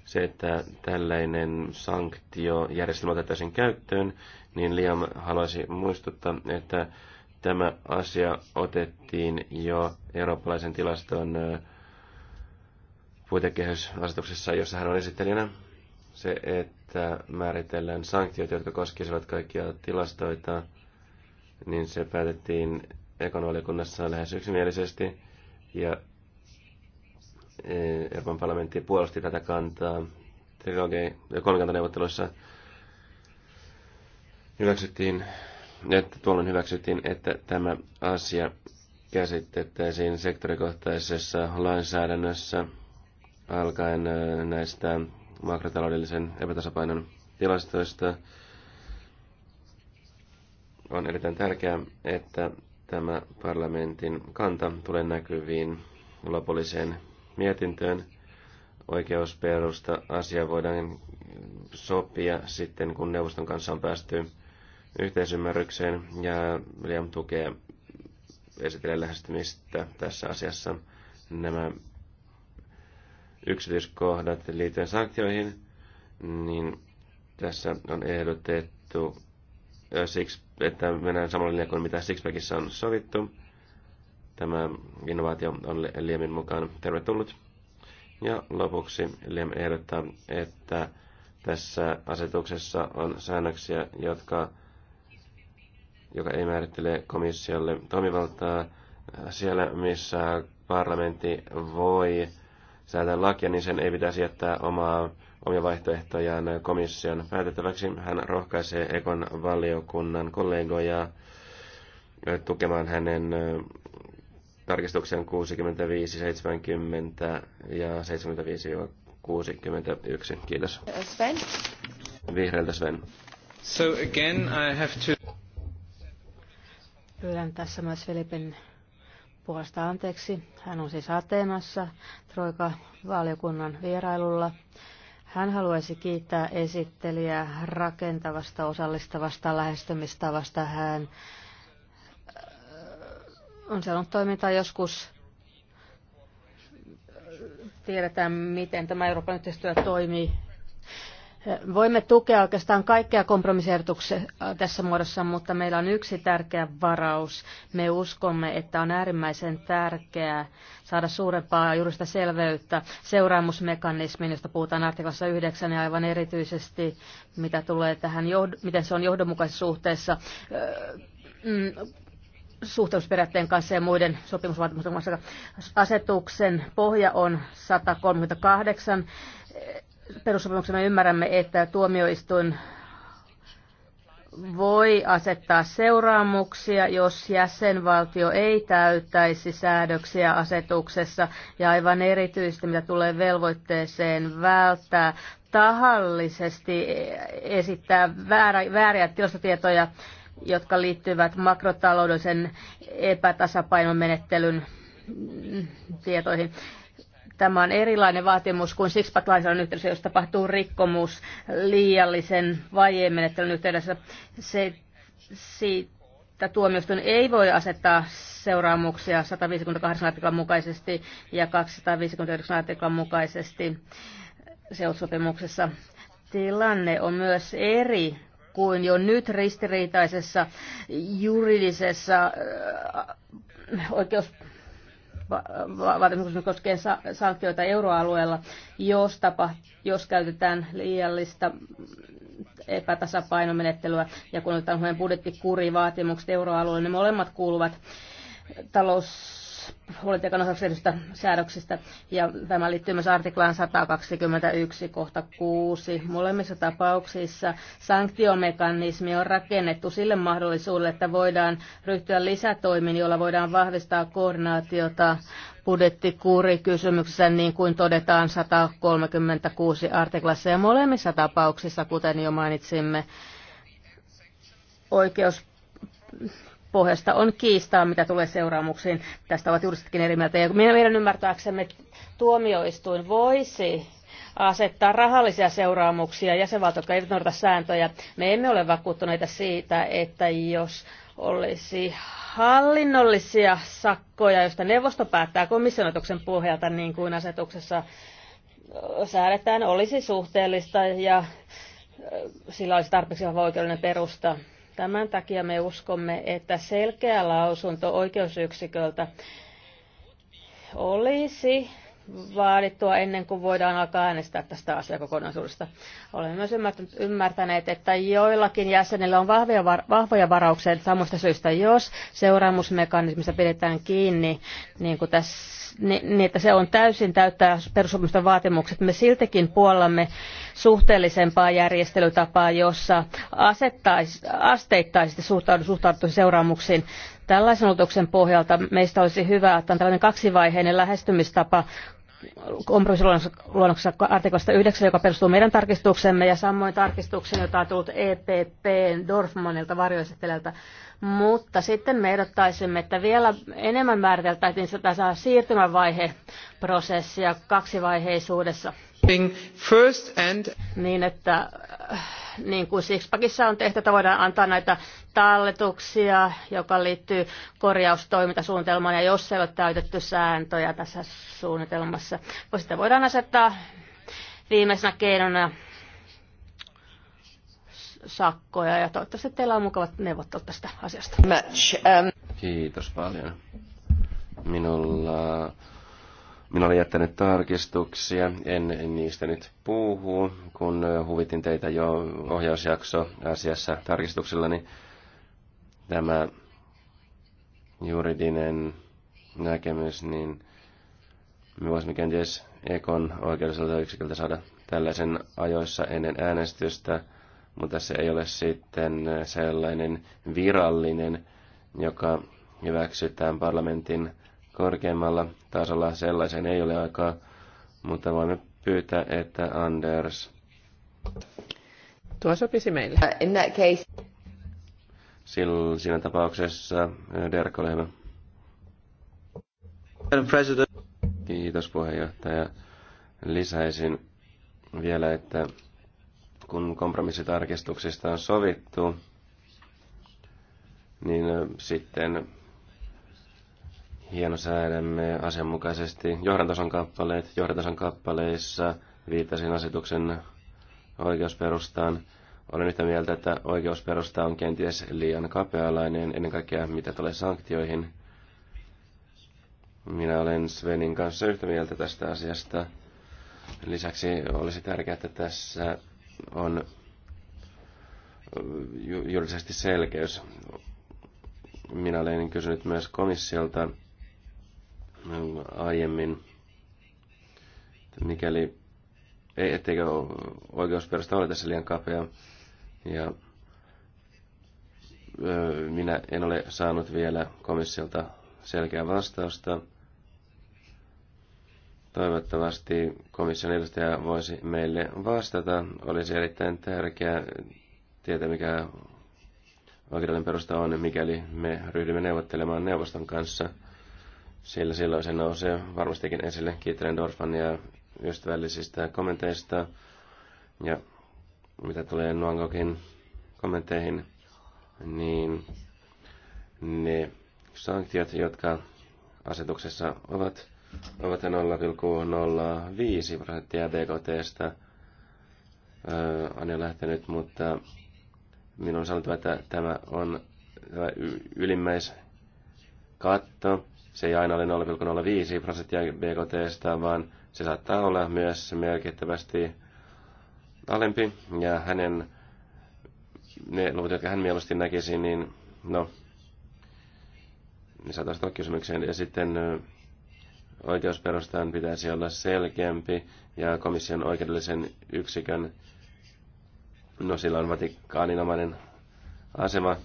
se, että tällainen sanktiojärjestelmä otettaisiin käyttöön, niin Liam haluaisi muistuttaa, että tämä asia otettiin jo eurooppalaisen tilaston puitekehysasetuksessa, jossa hän on esittelijänä. Se, että määritellään sanktiot, jotka koskisivat kaikkia tilastoita, niin se päätettiin ekonvaliokunnassa lähes yksimielisesti. Ja Euroopan parlamentti puolusti tätä kantaa kolmikantaneuvotteluissa hyväksyttiin, että tuolloin hyväksyttiin, että tämä asia käsitettäisiin sektorikohtaisessa lainsäädännössä alkaen äh, näistä makrotaloudellisen epätasapainon tilastoista. On erittäin tärkeää, että tämä parlamentin kanta tulee näkyviin lopulliseen mietintöön. Oikeusperusta asia voidaan sopia sitten, kun neuvoston kanssa on päästy yhteisymmärrykseen ja Liam tukee esitellä lähestymistä tässä asiassa. Nämä yksityiskohdat liittyen sanktioihin, niin tässä on ehdotettu, äh, että mennään samalla linjalla kuin mitä Sixpackissa on sovittu. Tämä innovaatio on Liemin mukaan tervetullut. Ja lopuksi Liem ehdottaa, että tässä asetuksessa on säännöksiä, jotka, joka ei määrittele komissiolle toimivaltaa siellä, missä parlamentti voi säätää lakia, niin sen ei pitäisi jättää omaa, omia vaihtoehtojaan komission päätettäväksi. Hän rohkaisee Ekon valiokunnan kollegoja tukemaan hänen tarkistuksen 65, 70 ja 75-61. Kiitos. Sven. Vihreältä Sven. So again I have to... Pyydän tässä myös Filipin puolesta anteeksi. Hän on siis Ateenassa Troika-valiokunnan vierailulla. Hän haluaisi kiittää esittelijää rakentavasta, osallistavasta lähestymistavasta. Hän on ollut toimintaa joskus tiedetään, miten tämä Euroopan yhteistyö toimii. Voimme tukea oikeastaan kaikkea kompromissiehdotuksia tässä muodossa, mutta meillä on yksi tärkeä varaus. Me uskomme, että on äärimmäisen tärkeää saada suurempaa juurista selveyttä seuraamusmekanismiin, josta puhutaan artiklassa 9 ja aivan erityisesti, mitä tulee tähän, miten se on johdonmukaisessa suhteessa mm, suhteellisuusperiaatteen kanssa ja muiden sopimusvaatimusten kanssa. Asetuksen pohja on 138. me ymmärrämme, että tuomioistuin voi asettaa seuraamuksia, jos jäsenvaltio ei täyttäisi säädöksiä asetuksessa ja aivan erityisesti mitä tulee velvoitteeseen välttää tahallisesti esittää väärä, vääriä tilastotietoja jotka liittyvät makrotaloudellisen epätasapainon menettelyn mm, tietoihin. Tämä on erilainen vaatimus kuin Sixpack-lainsäädännön yhteydessä, jos tapahtuu rikkomus liiallisen vaiheen menettelyn yhteydessä. Se, siitä tuomioistuin ei voi asettaa seuraamuksia 158 artiklan mukaisesti ja 259 artiklan mukaisesti seutsopimuksessa. Tilanne on myös eri kuin jo nyt ristiriitaisessa juridisessa äh, oikeus vaatimuksen koskee sanktioita euroalueella, jos, tapa, jos käytetään liiallista epätasapainomenettelyä ja kun otetaan huomioon vaatimukset euroalueelle, niin molemmat kuuluvat talous politiikan osaksista säädöksistä, ja tämä liittyy myös artiklaan 121 kohta 6. Molemmissa tapauksissa sanktiomekanismi on rakennettu sille mahdollisuudelle, että voidaan ryhtyä lisätoimiin, joilla voidaan vahvistaa koordinaatiota budjettikurikysymyksessä, niin kuin todetaan 136 artiklassa. Ja molemmissa tapauksissa, kuten jo mainitsimme, oikeus pohjasta on kiistaa, mitä tulee seuraamuksiin. Tästä ovat juristitkin eri mieltä. Ja meidän ymmärtääksemme tuomioistuin voisi asettaa rahallisia seuraamuksia jäsenvaltioita, jotka eivät noudata sääntöjä. Me emme ole vakuuttuneita siitä, että jos olisi hallinnollisia sakkoja, joista neuvosto päättää komissionotuksen pohjalta, niin kuin asetuksessa säädetään, olisi suhteellista ja sillä olisi tarpeeksi vahva oikeudellinen perusta. Tämän takia me uskomme, että selkeä lausunto oikeusyksiköltä olisi vaadittua ennen kuin voidaan alkaa äänestää tästä asiakokonaisuudesta. Olemme myös ymmärtäneet, että joillakin jäsenillä on vahvoja, var- vahvoja varauksia samoista syistä, jos seuraamusmekanismista pidetään kiinni, niin, kuin tässä, niin, niin että se on täysin täyttää perussopimusten vaatimukset. Me siltikin puolamme suhteellisempaa järjestelytapaa, jossa asettais, asteittaisesti suhtaudutaan seuraamuksiin Tällaisen odotuksen pohjalta meistä olisi hyvä, että on tällainen kaksivaiheinen lähestymistapa kompromissiluonnoksessa artiklasta 9, joka perustuu meidän tarkistuksemme ja samoin tarkistuksen, jota on tullut EPP Dorfmanilta varjoesittelijältä. Mutta sitten me ehdottaisimme, että vielä enemmän määriteltäisiin siirtymävaihe prosessia kaksivaiheisuudessa. Niin, että äh, niin kuin Sixpackissa on tehty, että voidaan antaa näitä talletuksia, joka liittyy korjaustoimintasuunnitelmaan, ja jos ei ole täytetty sääntöjä tässä suunnitelmassa, niin sitten voidaan asettaa viimeisenä keinona sakkoja, ja toivottavasti teillä on mukavat neuvottelut tästä asiasta. Um, Kiitos paljon. Minulla minä olen jättänyt tarkistuksia, en niistä nyt puhu, kun huvitin teitä jo ohjausjakso asiassa tarkistuksella, niin tämä juridinen näkemys, niin me voisimme kenties Ekon oikeudelliselta yksiköltä saada tällaisen ajoissa ennen äänestystä, mutta se ei ole sitten sellainen virallinen, joka hyväksytään parlamentin korkeammalla tasolla. Sellaisen ei ole aikaa, mutta voimme pyytää, että Anders... Tuo sopisi meille. Uh, in that case... Sillä, siinä tapauksessa eh, Derek, ole hyvä. President. Kiitos puheenjohtaja. Lisäisin vielä, että kun kompromissitarkistuksista on sovittu, niin eh, sitten säädämme asianmukaisesti johdantason kappaleet. Johdantason kappaleissa viittasin asetuksen oikeusperustaan. Olen yhtä mieltä, että oikeusperusta on kenties liian kapealainen, ennen kaikkea mitä tulee sanktioihin. Minä olen Svenin kanssa yhtä mieltä tästä asiasta. Lisäksi olisi tärkeää, että tässä on juridisesti selkeys. Minä olen kysynyt myös komissiolta, aiemmin, mikäli ei, etteikö oikeusperusta ole tässä liian kapea. Ja minä en ole saanut vielä komissiolta selkeää vastausta. Toivottavasti komission edustaja voisi meille vastata. Olisi erittäin tärkeää tietää, mikä oikeudellinen perusta on, mikäli me ryhdymme neuvottelemaan neuvoston kanssa – sillä silloin se nousee varmastikin esille. Kiittelen ja ystävällisistä kommenteista ja mitä tulee Nuangokin kommenteihin, niin ne sanktiot, jotka asetuksessa ovat, ovat 0,05 prosenttia BKTstä. Öö, on jo lähtenyt, mutta minun on sanottu, että tämä on ylimmäiskatto se ei aina ole 0,05 prosenttia BKTstä, vaan se saattaa olla myös merkittävästi alempi. Ja hänen, ne luvut, jotka hän mieluusti näkisi, niin no, niin saataisiin tuohon kysymykseen. Ja sitten oikeusperustan pitäisi olla selkeämpi ja komission oikeudellisen yksikön, no sillä on Vatikaanin omainen asema.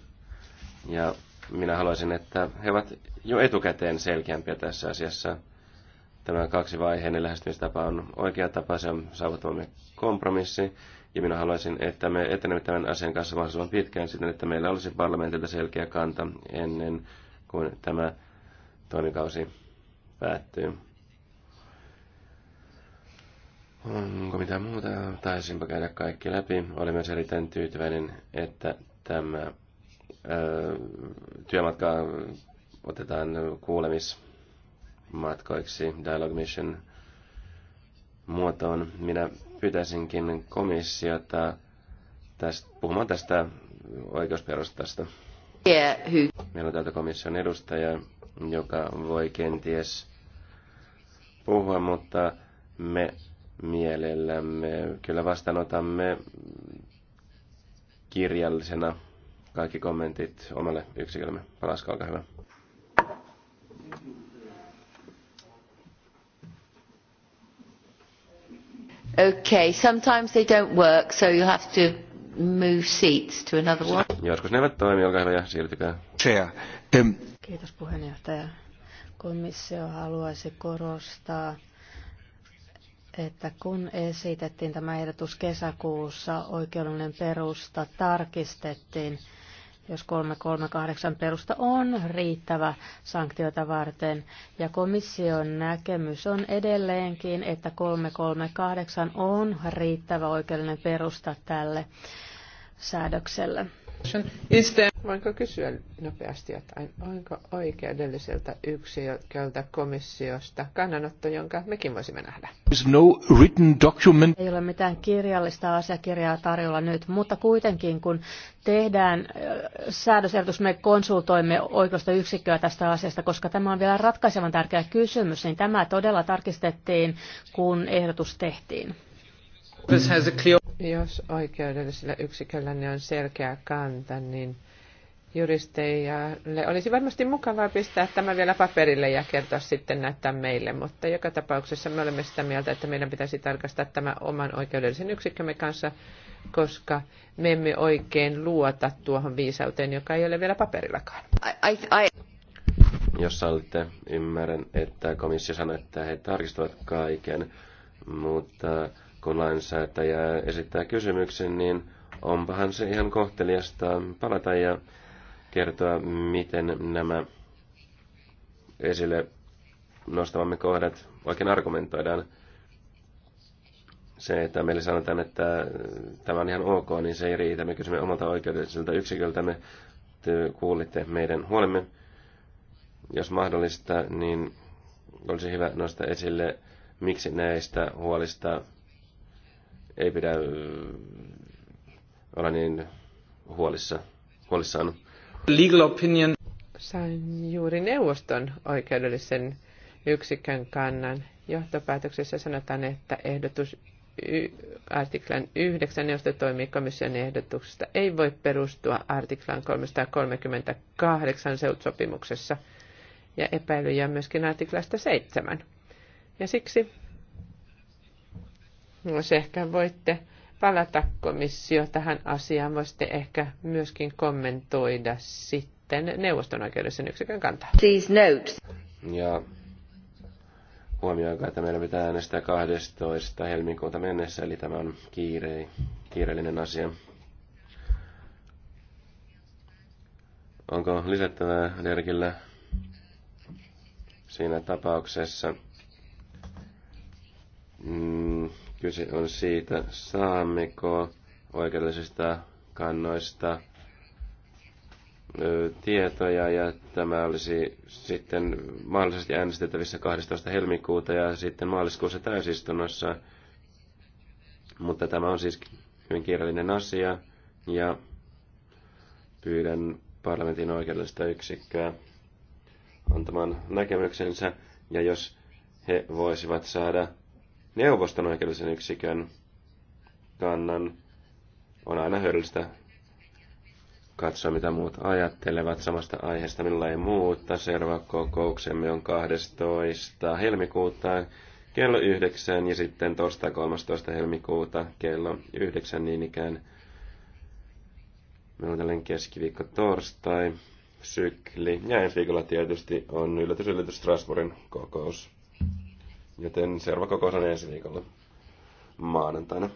Ja minä haluaisin, että he ovat jo etukäteen selkeämpiä tässä asiassa. Tämä vaiheen lähestymistapa on oikea tapa, se on saavuttamamme kompromissi. Ja minä haluaisin, että me etenemme tämän asian kanssa mahdollisimman pitkään siten, että meillä olisi parlamentilta selkeä kanta ennen kuin tämä toimikausi päättyy. Onko mitään muuta? Taisinpa käydä kaikki läpi. Olen myös erittäin tyytyväinen, että tämä työmatka otetaan kuulemismatkoiksi Dialogue Mission muotoon. Minä pyytäisinkin komissiota tästä, puhumaan tästä oikeusperustasta. Meillä on täältä komission edustaja, joka voi kenties puhua, mutta me mielellämme kyllä vastaanotamme kirjallisena kaikki kommentit omalle yksikölle. Palaska, olkaa hyvä. Okay, sometimes they don't work, so you have to move seats to another one. Joskus ne eivät toimi, olkaa hyvä ja siirtykää. Kiitos puheenjohtaja. Komissio haluaisi korostaa että kun esitettiin tämä ehdotus kesäkuussa, oikeudellinen perusta tarkistettiin, jos 338 perusta on riittävä sanktiota varten. Ja komission näkemys on edelleenkin, että 338 on riittävä oikeudellinen perusta tälle säädökselle. Voinko kysyä nopeasti jotain? Onko oikeudelliselta yksiköltä komissiosta kannanotto, jonka mekin voisimme nähdä? No written document. Ei ole mitään kirjallista asiakirjaa tarjolla nyt, mutta kuitenkin kun tehdään säädösehdotus, me konsultoimme oikeusta yksikköä tästä asiasta, koska tämä on vielä ratkaisevan tärkeä kysymys, niin tämä todella tarkistettiin, kun ehdotus tehtiin. This has a clear... Jos oikeudellisella yksiköllä ne on selkeä kanta, niin juristeille olisi varmasti mukavaa pistää tämä vielä paperille ja kertoa sitten näyttää meille, mutta joka tapauksessa me olemme sitä mieltä, että meidän pitäisi tarkastaa tämä oman oikeudellisen yksikkömme kanssa, koska me emme oikein luota tuohon viisauteen, joka ei ole vielä paperillakaan. I, I, I... Jos sallitte, ymmärrän, että komissio sanoi, että he tarkistavat kaiken, mutta kun lainsäätäjä esittää kysymyksen, niin onpahan se ihan kohteliasta palata ja kertoa, miten nämä esille nostamamme kohdat oikein argumentoidaan. Se, että meille sanotaan, että tämä on ihan ok, niin se ei riitä. Me kysymme omalta oikeudelliselta yksiköltämme, te kuulitte meidän huolemme. Jos mahdollista, niin olisi hyvä nostaa esille, miksi näistä huolista ei pidä olla niin huolissa, huolissaan. Legal opinion. Sain juuri neuvoston oikeudellisen yksikön kannan. Johtopäätöksessä sanotaan, että ehdotus y- artiklan 9 neuvostotoimii komission ehdotuksesta ei voi perustua artiklan 338 seutsopimuksessa ja epäilyjä myöskin artiklasta 7. Ja siksi jos ehkä voitte palata komissio tähän asiaan, voisitte ehkä myöskin kommentoida sitten neuvoston oikeudellisen yksikön kantaa. Please note. Ja huomioikaa, että meillä pitää äänestää 12. helmikuuta mennessä, eli tämä on kiire, kiireellinen asia. Onko lisättävää Lerkillä siinä tapauksessa? Mm, Kyse on siitä, saammeko oikeudellisista kannoista tietoja ja tämä olisi sitten mahdollisesti äänestettävissä 12. helmikuuta ja sitten maaliskuussa täysistunnossa. Mutta tämä on siis hyvin kiireellinen asia ja pyydän parlamentin oikeudellista yksikköä antamaan näkemyksensä ja jos he voisivat saada neuvoston oikeudellisen yksikön kannan. On aina hyödyllistä katsoa, mitä muut ajattelevat samasta aiheesta. Minulla ei muuta. Seuraava kokouksemme on 12. helmikuuta kello 9 ja sitten torstai 13. helmikuuta kello 9 niin ikään. Meillä on tällainen keskiviikko torstai, sykli ja ensi viikolla tietysti on yllätys yllätys Strasbourgin kokous. Joten seuraava kokous on ensi viikolla maanantaina.